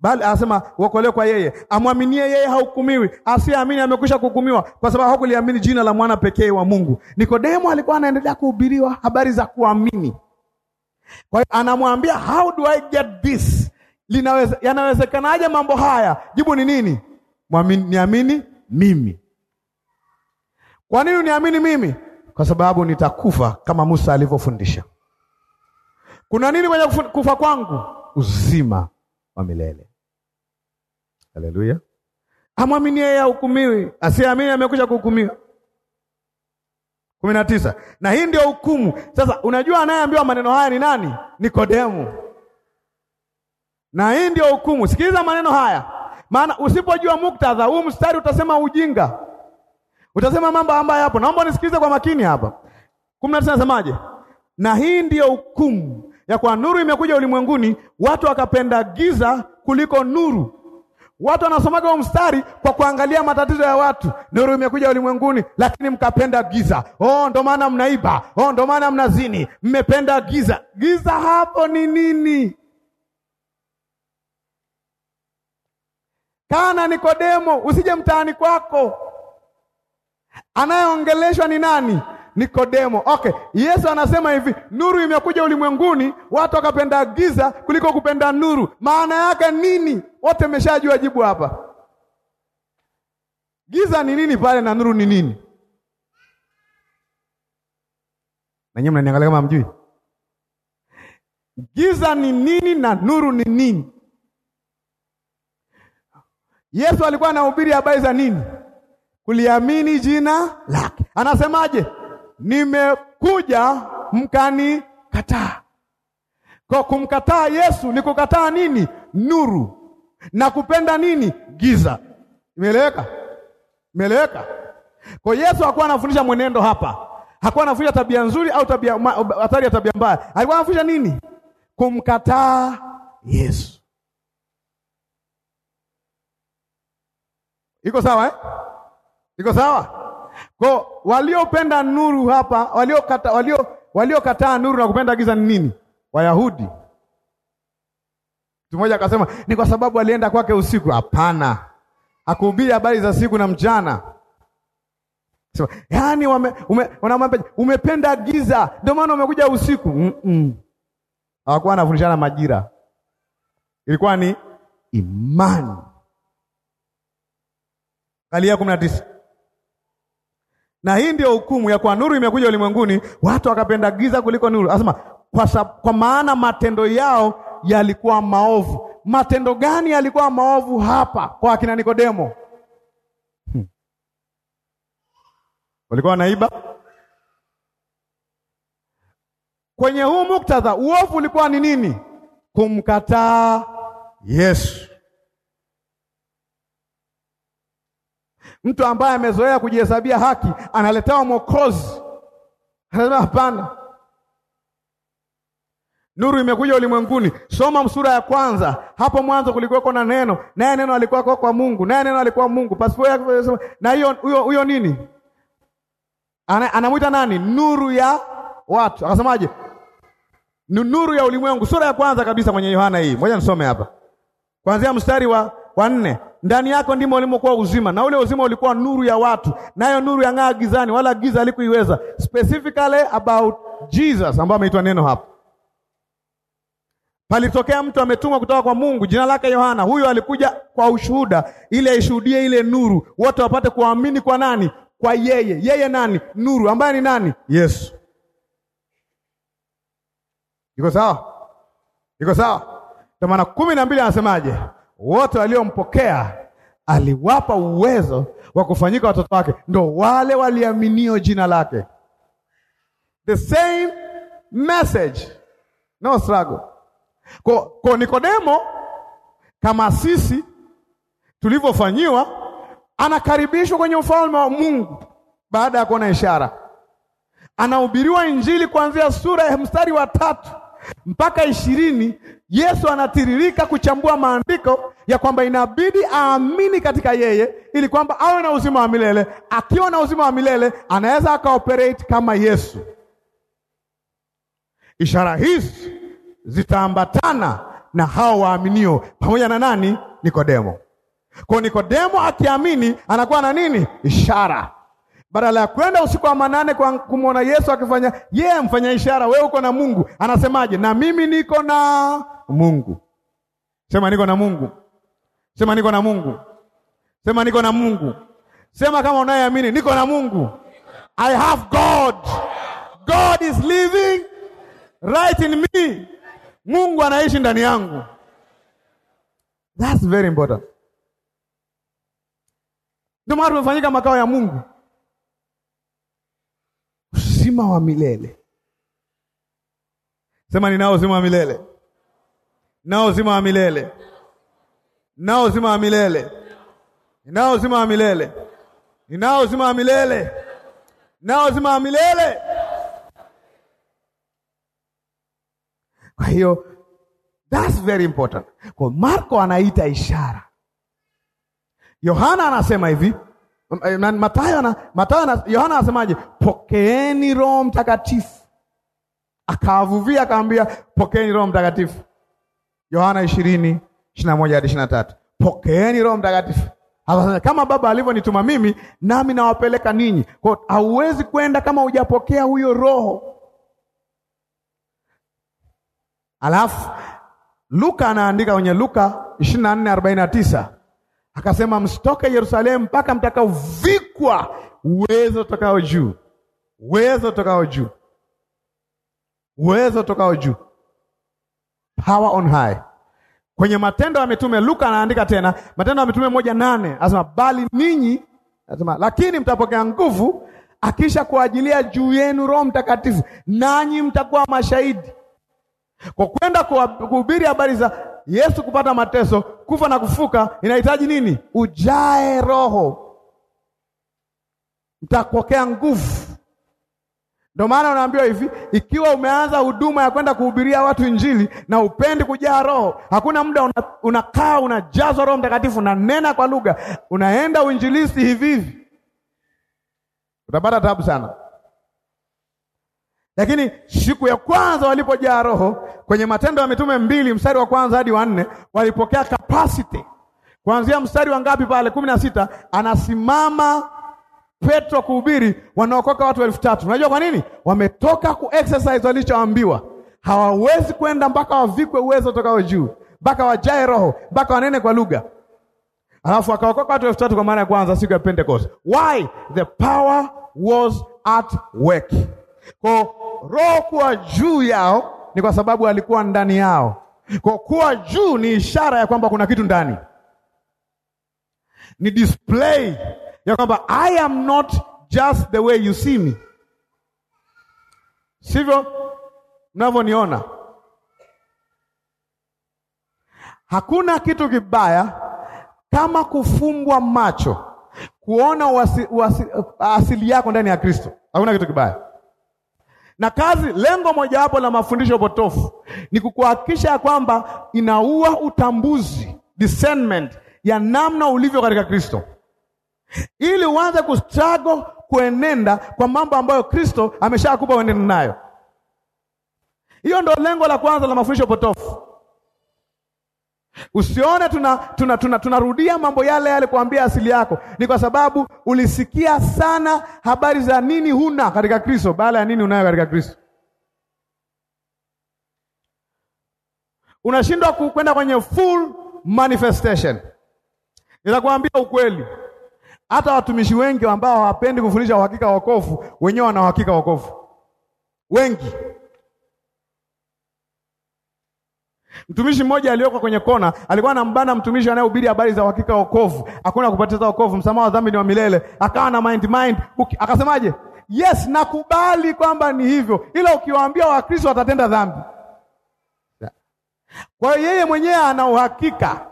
bali anasema uokolewe kwa yeye. Amwaminie yeye hahukumiwi, Asiamini amekwisha kuhukumiwa, kwa sababu hakuliamini jina la mwana pekee wa Mungu. Nikodemo alikuwa anaendelea kuhubiriwa habari za kuamini kwa hiyo anamwambia how do I get this, linaweza yanawezekanaje mambo haya? Jibu ni nini? Mwamini, niamini mimi. Kwa nini niamini mimi? Kwa sababu nitakufa kama Musa alivyofundisha. Kuna nini kwenye kufa kwangu? Uzima wa milele. Haleluya! Amwamini yeye ahukumiwi, asiamini amekwisha kuhukumiwa kumi na tisa. Na hii ndio hukumu sasa. Unajua anayeambiwa maneno haya ni nani? Nikodemu. Na hii ndio hukumu. Sikiliza maneno haya, maana usipojua muktadha huu mstari utasema ujinga, utasema mambo ambayo hapo. Naomba nisikilize kwa makini hapa. kumi na tisa nasemaje? Na hii ndiyo hukumu ya kwa nuru imekuja ulimwenguni, watu wakapenda giza kuliko nuru, Watu wanasomaga wa mstari kwa kuangalia matatizo ya watu. Nuru imekuja ulimwenguni, lakini mkapenda giza. Oh, ndo maana mnaiba. Oh, ndo maana mnazini. Mmependa giza. Giza hapo ni nini? Kana Nikodemo, usije mtaani kwako. Anayeongeleshwa ni nani? Nikodemo. Okay, Yesu anasema hivi, nuru imekuja ulimwenguni, watu wakapenda giza kuliko kupenda nuru. Maana yake nini? Wote mmeshajua jibu hapa. Giza ni nini pale na nuru ni nini? Na nyinyi mnaniangalia kama mjui. Giza ni nini na nuru ni nini? Yesu alikuwa anahubiri habari za nini? Kuliamini jina lake. Anasemaje? nimekuja mkanikataa. Kwa kumkataa Yesu ni kukataa nini? Nuru na kupenda nini? Giza. Imeeleweka? Imeeleweka? Kwa Yesu hakuwa anafundisha mwenendo hapa, hakuwa anafundisha tabia nzuri au tabia hatari ya tabia mbaya. Alikuwa anafundisha nini? Kumkataa Yesu. Iko sawa eh? Iko sawa? Kwa waliopenda nuru hapa, waliokata walio waliokataa nuru na kupenda giza ni nini? Wayahudi. Mtu mmoja akasema ni kwa sababu alienda kwake usiku. Hapana, hakuhubiri habari za siku na mchana. Sema, yaani wame, ume, umependa giza ndio maana umekuja usiku. mm -mm. Hawakuwa majira, ilikuwa ni imani. Kalia kumi na tisa na hii ndio hukumu ya kwa nuru imekuja ulimwenguni, watu wakapenda giza kuliko nuru. Anasema kwa, kwa maana matendo yao yalikuwa maovu. Matendo gani yalikuwa maovu hapa kwa akina Nikodemo? Hmm. Walikuwa naiba Kwenye huu muktadha uovu ulikuwa ni nini? Kumkataa Yesu. Mtu ambaye amezoea kujihesabia haki analetewa mwokozi, anasema hapana, nuru imekuja ulimwenguni. Soma msura ya kwanza. Hapo mwanzo kulikuwako na neno, naye neno alikuwa kwa, kwa Mungu, naye neno alikuwa Mungu. Pasipo yake na hiyo huyo huyo nini ana, anamwita nani? Nuru ya watu. Akasemaje? Ni nuru ya ulimwengu. Sura ya kwanza kabisa kwenye Yohana hii. moja nisome hapa kuanzia mstari wa wa nne, ndani yako ndimo ulimokuwa uzima, na ule uzima ulikuwa nuru ya watu, nayo nuru yang'aa gizani, wala giza halikuiweza. Specifically about Jesus ambaye ameitwa neno hapa. Palitokea mtu ametumwa kutoka kwa Mungu, jina lake Yohana. Huyo alikuja kwa ushuhuda, ili aishuhudie ile nuru, wote wapate kuamini. Kwa nani? Kwa yeye. Yeye nani? Nuru ambaye ni nani? Yesu. Iko sawa? Iko sawa? Ndio maana kumi na mbili anasemaje? wote waliompokea aliwapa uwezo wa kufanyika watoto wake, ndo wale waliaminio jina lake. The same message, no struggle. Kwa, kwa Nikodemo kama sisi tulivyofanyiwa, anakaribishwa kwenye ufalme wa Mungu baada ya kuona ishara. Anahubiriwa Injili kuanzia sura ya mstari wa tatu mpaka ishirini, Yesu anatiririka kuchambua maandiko ya kwamba inabidi aamini katika yeye ili kwamba awe na uzima wa milele. Akiwa na uzima wa milele anaweza akaoperate kama Yesu. Ishara hizi zitaambatana na hao waaminio pamoja na nani? Nikodemo. Kwa Nikodemo akiamini anakuwa na nini? Ishara badala ya kwenda usiku wa manane kwa kumwona Yesu akifanya yeye, yeah, mfanya ishara, wewe uko na Mungu. Anasemaje? na mimi niko na Mungu. Sema niko na Mungu. Sema niko na Mungu. Sema niko na Mungu. Sema kama unayeamini, niko na Mungu. I have God. God is living right in me. Mungu anaishi ndani yangu. That's very important. Ndio maana tumefanyika makao ya Mungu uzima wa milele. Sema ninao uzima wa milele, nao uzima wa milele, nao uzima wa milele, ninao uzima wa milele, ninao uzima wa milele, nao uzima wa milele. Kwa hiyo that's very important. Kwa Marko anaita ishara, Yohana anasema hivi Mathayo eh, na Mathayo na Yohana anasemaje? Pokeeni Roho Mtakatifu. Akawavuvia akamwambia, pokeeni Roho Mtakatifu. Yohana ishirini ishirini na moja hadi ishirini na tatu. Pokeeni Roho Mtakatifu kama Baba alivyonituma mimi, nami nawapeleka ninyi. Kwa hiyo hauwezi kwenda kama hujapokea huyo Roho. Alafu Luka anaandika kwenye Luka ishirini na nne arobaini na tisa Akasema msitoke Yerusalemu mpaka mtakaovikwa uwezo utokao juu, uwezo utokao juu, uwezo utokao juu, power on high. Kwenye Matendo ya Mitume, Luka anaandika tena, Matendo ya Mitume moja nane anasema bali ninyi, anasema lakini mtapokea nguvu akisha kuajilia juu yenu Roho Mtakatifu, nanyi mtakuwa mashahidi. Kwa kwenda kuhubiri habari za Yesu kupata mateso kufa na kufuka inahitaji nini? Ujae Roho, mtapokea nguvu. Ndio maana unaambiwa hivi, ikiwa umeanza huduma ya kwenda kuhubiria watu Injili na upendi kujaa Roho, hakuna muda unakaa una unajazwa Roho Mtakatifu, unanena kwa lugha, unaenda uinjilisti hivi hivi, utapata tabu sana. Lakini siku ya kwanza walipojaa Roho, kwenye Matendo ya Mitume mbili mstari wa kwanza hadi wa nne, walipokea capacity kuanzia mstari wa ngapi pale? kumi na sita. Anasimama Petro kuhubiri, wanaokoka watu elfu tatu. Unajua kwa nini? Wametoka ku exercise walichoambiwa. Hawawezi kwenda mpaka wavikwe uwezo utokao juu, mpaka wajae Roho, mpaka wanene kwa lugha. Alafu akaokoka watu elfu tatu kwa mara ya kwanza siku ya Pentecost. Why? The power was at work. Kwa Roho kuwa juu yao ni kwa sababu alikuwa ndani yao. Kwa kuwa juu ni ishara ya kwamba kuna kitu ndani, ni display ya kwamba I am not just the way you see me, sivyo mnavyoniona. Hakuna kitu kibaya kama kufumbwa macho kuona wasi, wasi, asili yako ndani ya Kristo. Hakuna kitu kibaya. Na kazi, lengo mojawapo la mafundisho potofu ni kukuhakikisha ya kwamba inaua utambuzi, discernment ya namna ulivyo katika Kristo, ili uanze kustruggle kuenenda kwa mambo ambayo Kristo ameshakupa uenende nayo. Hiyo ndio lengo la kwanza la mafundisho potofu. Usione tunarudia tuna, tuna, tuna mambo yale yale kuambia asili yako, ni kwa sababu ulisikia sana habari za nini huna katika Kristo, baada ya nini unayo katika Kristo. Unashindwa kwenda kwenye full manifestation. Nitakwambia ukweli, hata watumishi wengi ambao hawapendi kufundisha uhakika wa wokovu, wenyewe wana uhakika wa wokovu wengi Mtumishi mmoja aliyoko kwenye kona alikuwa anambana mtumishi anayehubiri habari za uhakika wa wokovu, hakuna kupoteza wokovu, msamaha wa dhambi ni wa milele. Akawa na mind mind, akasemaje? Yes, nakubali kwamba ni hivyo, ila ukiwaambia Wakristo watatenda dhambi. Kwa hiyo yeye mwenyewe ana uhakika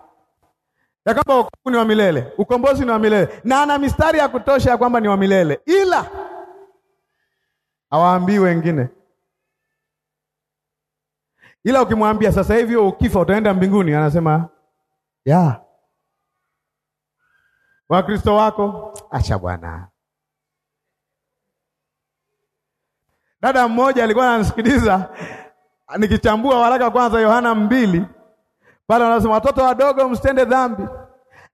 ya kwamba wokovu ni wa milele, ukombozi ni wa milele, na ana mistari ya kutosha ya kwamba ni wa milele, ila hawaambii wengine ila ukimwambia sasa hivi ukifa utaenda mbinguni, anasema ya Wakristo wako acha bwana. Dada mmoja alikuwa ananisikiliza nikichambua waraka kwanza Yohana mbili pale anasema watoto wadogo msitende dhambi,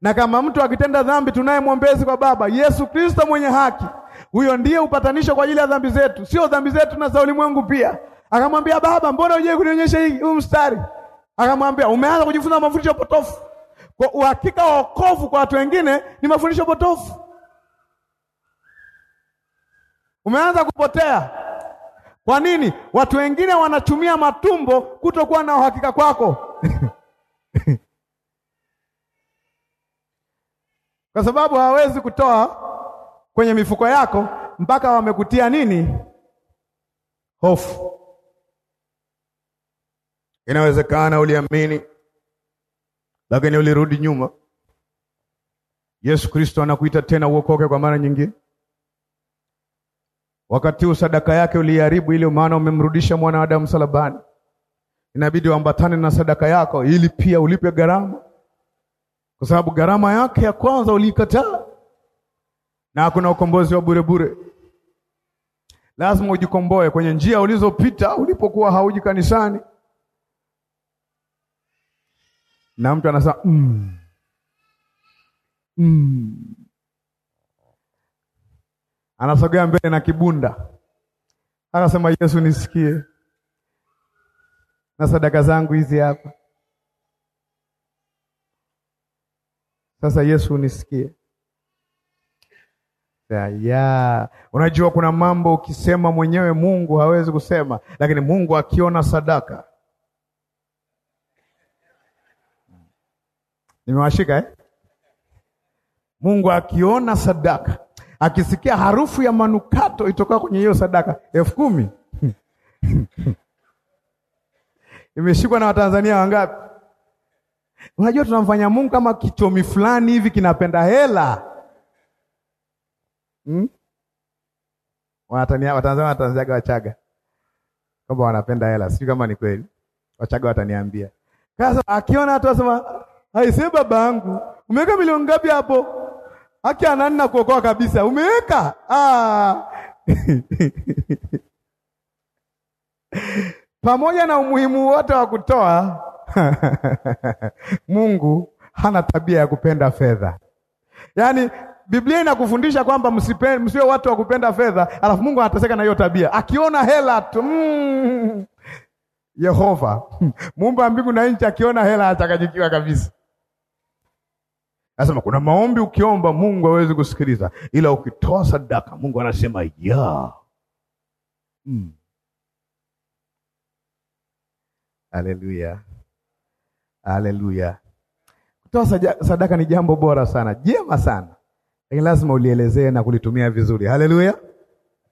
na kama mtu akitenda dhambi tunaye mwombezi kwa Baba, Yesu Kristo mwenye haki. Huyo ndiye upatanisho kwa ajili ya dhambi zetu, sio dhambi zetu na za ulimwengu pia. Akamwambia, baba, mbona hujai kunionyesha hii huu mstari? Akamwambia, umeanza kujifunza mafundisho potofu. Kwa uhakika wa wokovu kwa watu wengine ni mafundisho potofu. Umeanza kupotea. Kwa nini? Watu wengine wanatumia matumbo kutokuwa na uhakika kwako. *laughs* Kwa sababu hawezi kutoa kwenye mifuko yako mpaka wamekutia nini? Hofu. Inawezekana uliamini lakini ulirudi nyuma. Yesu Kristo anakuita tena uokoke kwa mara nyingine. Wakati huu sadaka yake uliharibu ile, maana umemrudisha mwanadamu msalabani. Inabidi uambatane na sadaka yako ili pia ulipe gharama, kwa sababu gharama yake ya kwanza uliikataa, na hakuna ukombozi wa bure bure. Lazima ujikomboe kwenye njia ulizopita ulipokuwa hauji kanisani na mtu anasema mm. mm. anasogea mbele na kibunda, akasema Yesu, nisikie na sadaka zangu hizi hapa sasa. Yesu, nisikie ya, ya. Unajua kuna mambo ukisema mwenyewe Mungu hawezi kusema, lakini Mungu akiona sadaka Nimewashika eh? Mungu akiona sadaka, akisikia harufu ya manukato itoka kwenye hiyo sadaka elfu kumi *laughs* imeshikwa na Watanzania wangapi? Unajua, tunamfanya Mungu kama kichomi fulani hivi kinapenda hela hmm? Watanzania wanatanzaga Wachaga kwamba wanapenda hela, sijui kama ni kweli. Wachaga wataniambia sasa, akiona watu wasema aise baba yangu umeweka milioni ngapi hapo? Haki anani na kuokoa kabisa umeweka? Ah. *laughs* Pamoja na umuhimu wote wa kutoa *laughs* Mungu hana tabia ya kupenda fedha. Yaani Biblia inakufundisha kwamba msipe, msiwe watu wa kupenda fedha, alafu Mungu anateseka na hiyo tabia. Akiona hela tu mm, Yehova *laughs* muumba mbingu na nchi, akiona hela atakajikiwa kabisa. Nasema kuna maombi ukiomba Mungu hawezi kusikiliza, ila ukitoa sadaka Mungu anasema ya mm. Haleluya, haleluya. Kutoa sadaka ni jambo bora sana, jema sana, lakini lazima ulielezee na kulitumia vizuri. Haleluya,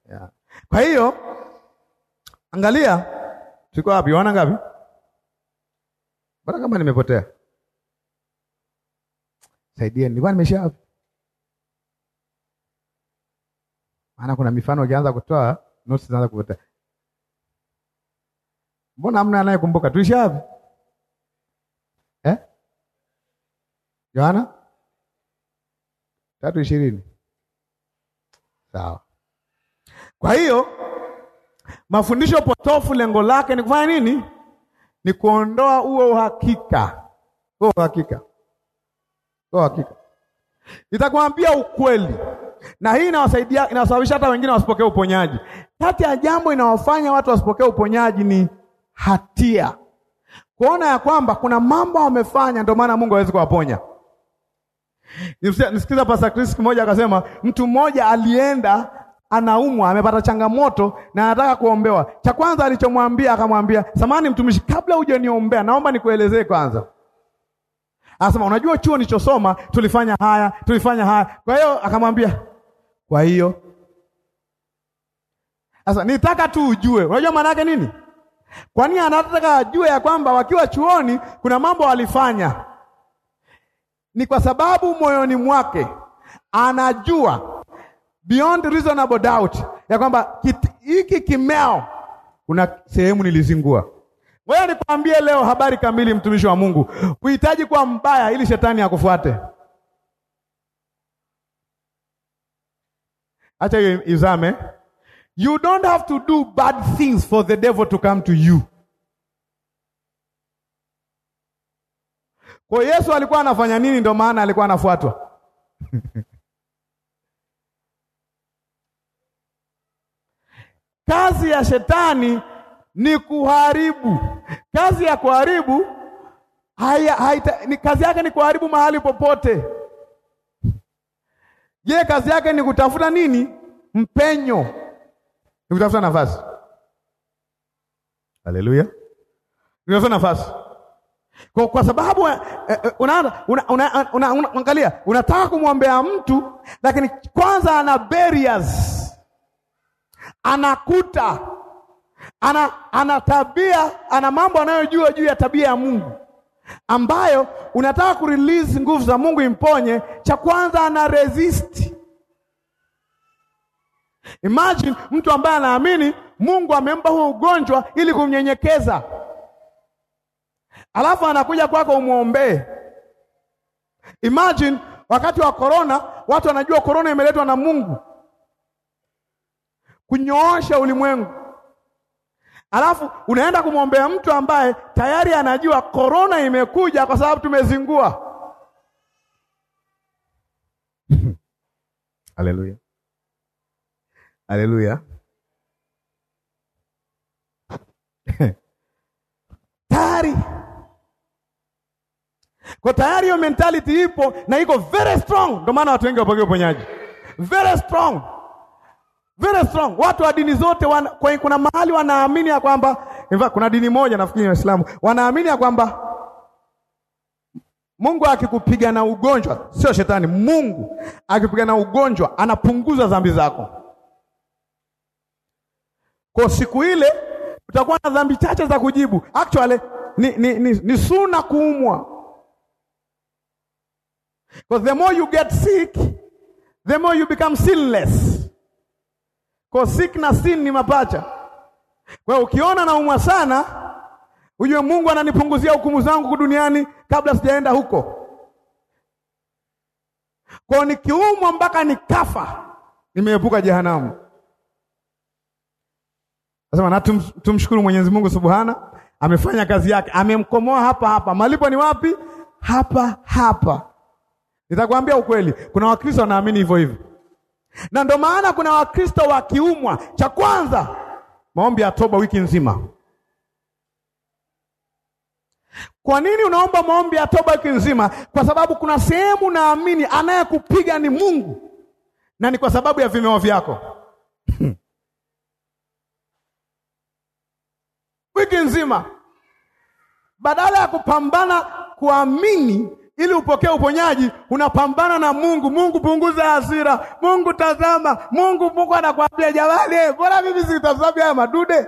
yeah. Kwa hiyo angalia, tuko wapi? Wana ngapi? Bora kama nimepotea saidieni. nilikuwa nimesha maana kuna mifano ukianza kutoa notes zinaanza kuota. Mbona hamna anayekumbuka? Tulisha hapo. Eh? Yohana tatu ishirini. Sawa. Kwa hiyo mafundisho potofu lengo lake ni kufanya nini? Ni kuondoa huo uhakika, huo uhakika kwa hakika nitakwambia ukweli, na hii inawasaidia, inasababisha hata wengine wasipokee uponyaji. Kati ya jambo inawafanya watu wasipokee uponyaji ni hatia, kuona ya kwamba kuna mambo wamefanya, ndio maana Mungu hawezi kuwaponya. Nisikiza Pastor Chris mmoja akasema, mtu mmoja alienda anaumwa amepata changamoto na anataka kuombewa. Cha kwanza alichomwambia akamwambia, samani mtumishi, kabla hujaniombea, naomba nikuelezee kwanza Anasema unajua, chuo nilichosoma tulifanya haya, tulifanya haya. Kwa hiyo akamwambia, kwa hiyo sasa nitaka tu ujue. Unajua maana yake nini? nini anataka ajue ya kwamba wakiwa chuoni kuna mambo walifanya, ni kwa sababu moyoni mwake anajua beyond reasonable doubt ya kwamba hiki kimeo kuna sehemu nilizingua wewe nikwambie leo habari kamili, mtumishi wa Mungu, kuhitaji kuwa mbaya ili shetani akufuate. Acha hiyo izame. You don't have to do bad things for the devil to come to you. Kwa Yesu alikuwa anafanya nini? Ndio maana alikuwa anafuatwa. *laughs* Kazi ya shetani ni kuharibu. Kazi ya kuharibu haya, haita, ni, kazi yake ni kuharibu mahali popote. Je, kazi yake ni kutafuta nini? Mpenyo, ni kutafuta nafasi. Haleluya, ni kutafuta nafasi kwa, kwa sababu eh, eh, unaangalia una, una, una, una, unataka kumwombea mtu lakini kwanza ana barriers, anakuta ana, ana tabia, ana mambo anayojua juu ya tabia ya Mungu ambayo unataka kurelease nguvu za Mungu imponye. Cha kwanza ana resist. Imagine mtu ambaye anaamini Mungu amempa huo ugonjwa ili kumnyenyekeza, alafu anakuja kwako umwombee. Imagine wakati wa korona, watu wanajua korona imeletwa na Mungu kunyoosha ulimwengu Alafu unaenda kumwombea mtu ambaye tayari anajua korona imekuja kwa sababu tumezingua. *laughs* Haleluya. Haleluya. *laughs* Tayari kwa tayari hiyo mentality ipo na iko very strong, ndio maana watu wengi wapokea uponyaji very strong very strong. Watu wa dini zote wana, kwa kuna mahali wanaamini ya kwamba in fact, kuna dini moja nafikiri Waislamu wanaamini ya kwamba Mungu akikupiga na ugonjwa, sio shetani, Mungu akikupiga na ugonjwa anapunguza dhambi zako. Kwa siku ile utakuwa na dhambi chache za kujibu. Actually ni, ni, ni, ni suna kuumwa. Because the more you get sick, the more you become sinless. Kwa sick na sin ni mapacha. Kwa hiyo ukiona naumwa sana, ujue Mungu ananipunguzia hukumu zangu duniani kabla sijaenda huko. Kwa nikiumwa mpaka nikafa, nimeepuka jehanamu. Nasema na tumshukuru Mwenyezi Mungu Subhana, amefanya kazi yake, amemkomoa hapa hapa. Malipo ni wapi? Hapa hapa. Nitakwambia ukweli, kuna Wakristo wanaamini hivyo hivyo na ndo maana kuna Wakristo wakiumwa, cha kwanza maombi ya toba wiki nzima. Kwa nini unaomba maombi ya toba wiki nzima? Kwa sababu kuna sehemu naamini anayekupiga ni Mungu, na ni kwa sababu ya vimeo vyako *laughs* wiki nzima, badala ya kupambana kuamini ili upokee uponyaji, unapambana na Mungu. Mungu punguza hasira, Mungu tazama, Mungu Mungu anakuambia jamani, eh, mbona mimi sitazami haya madude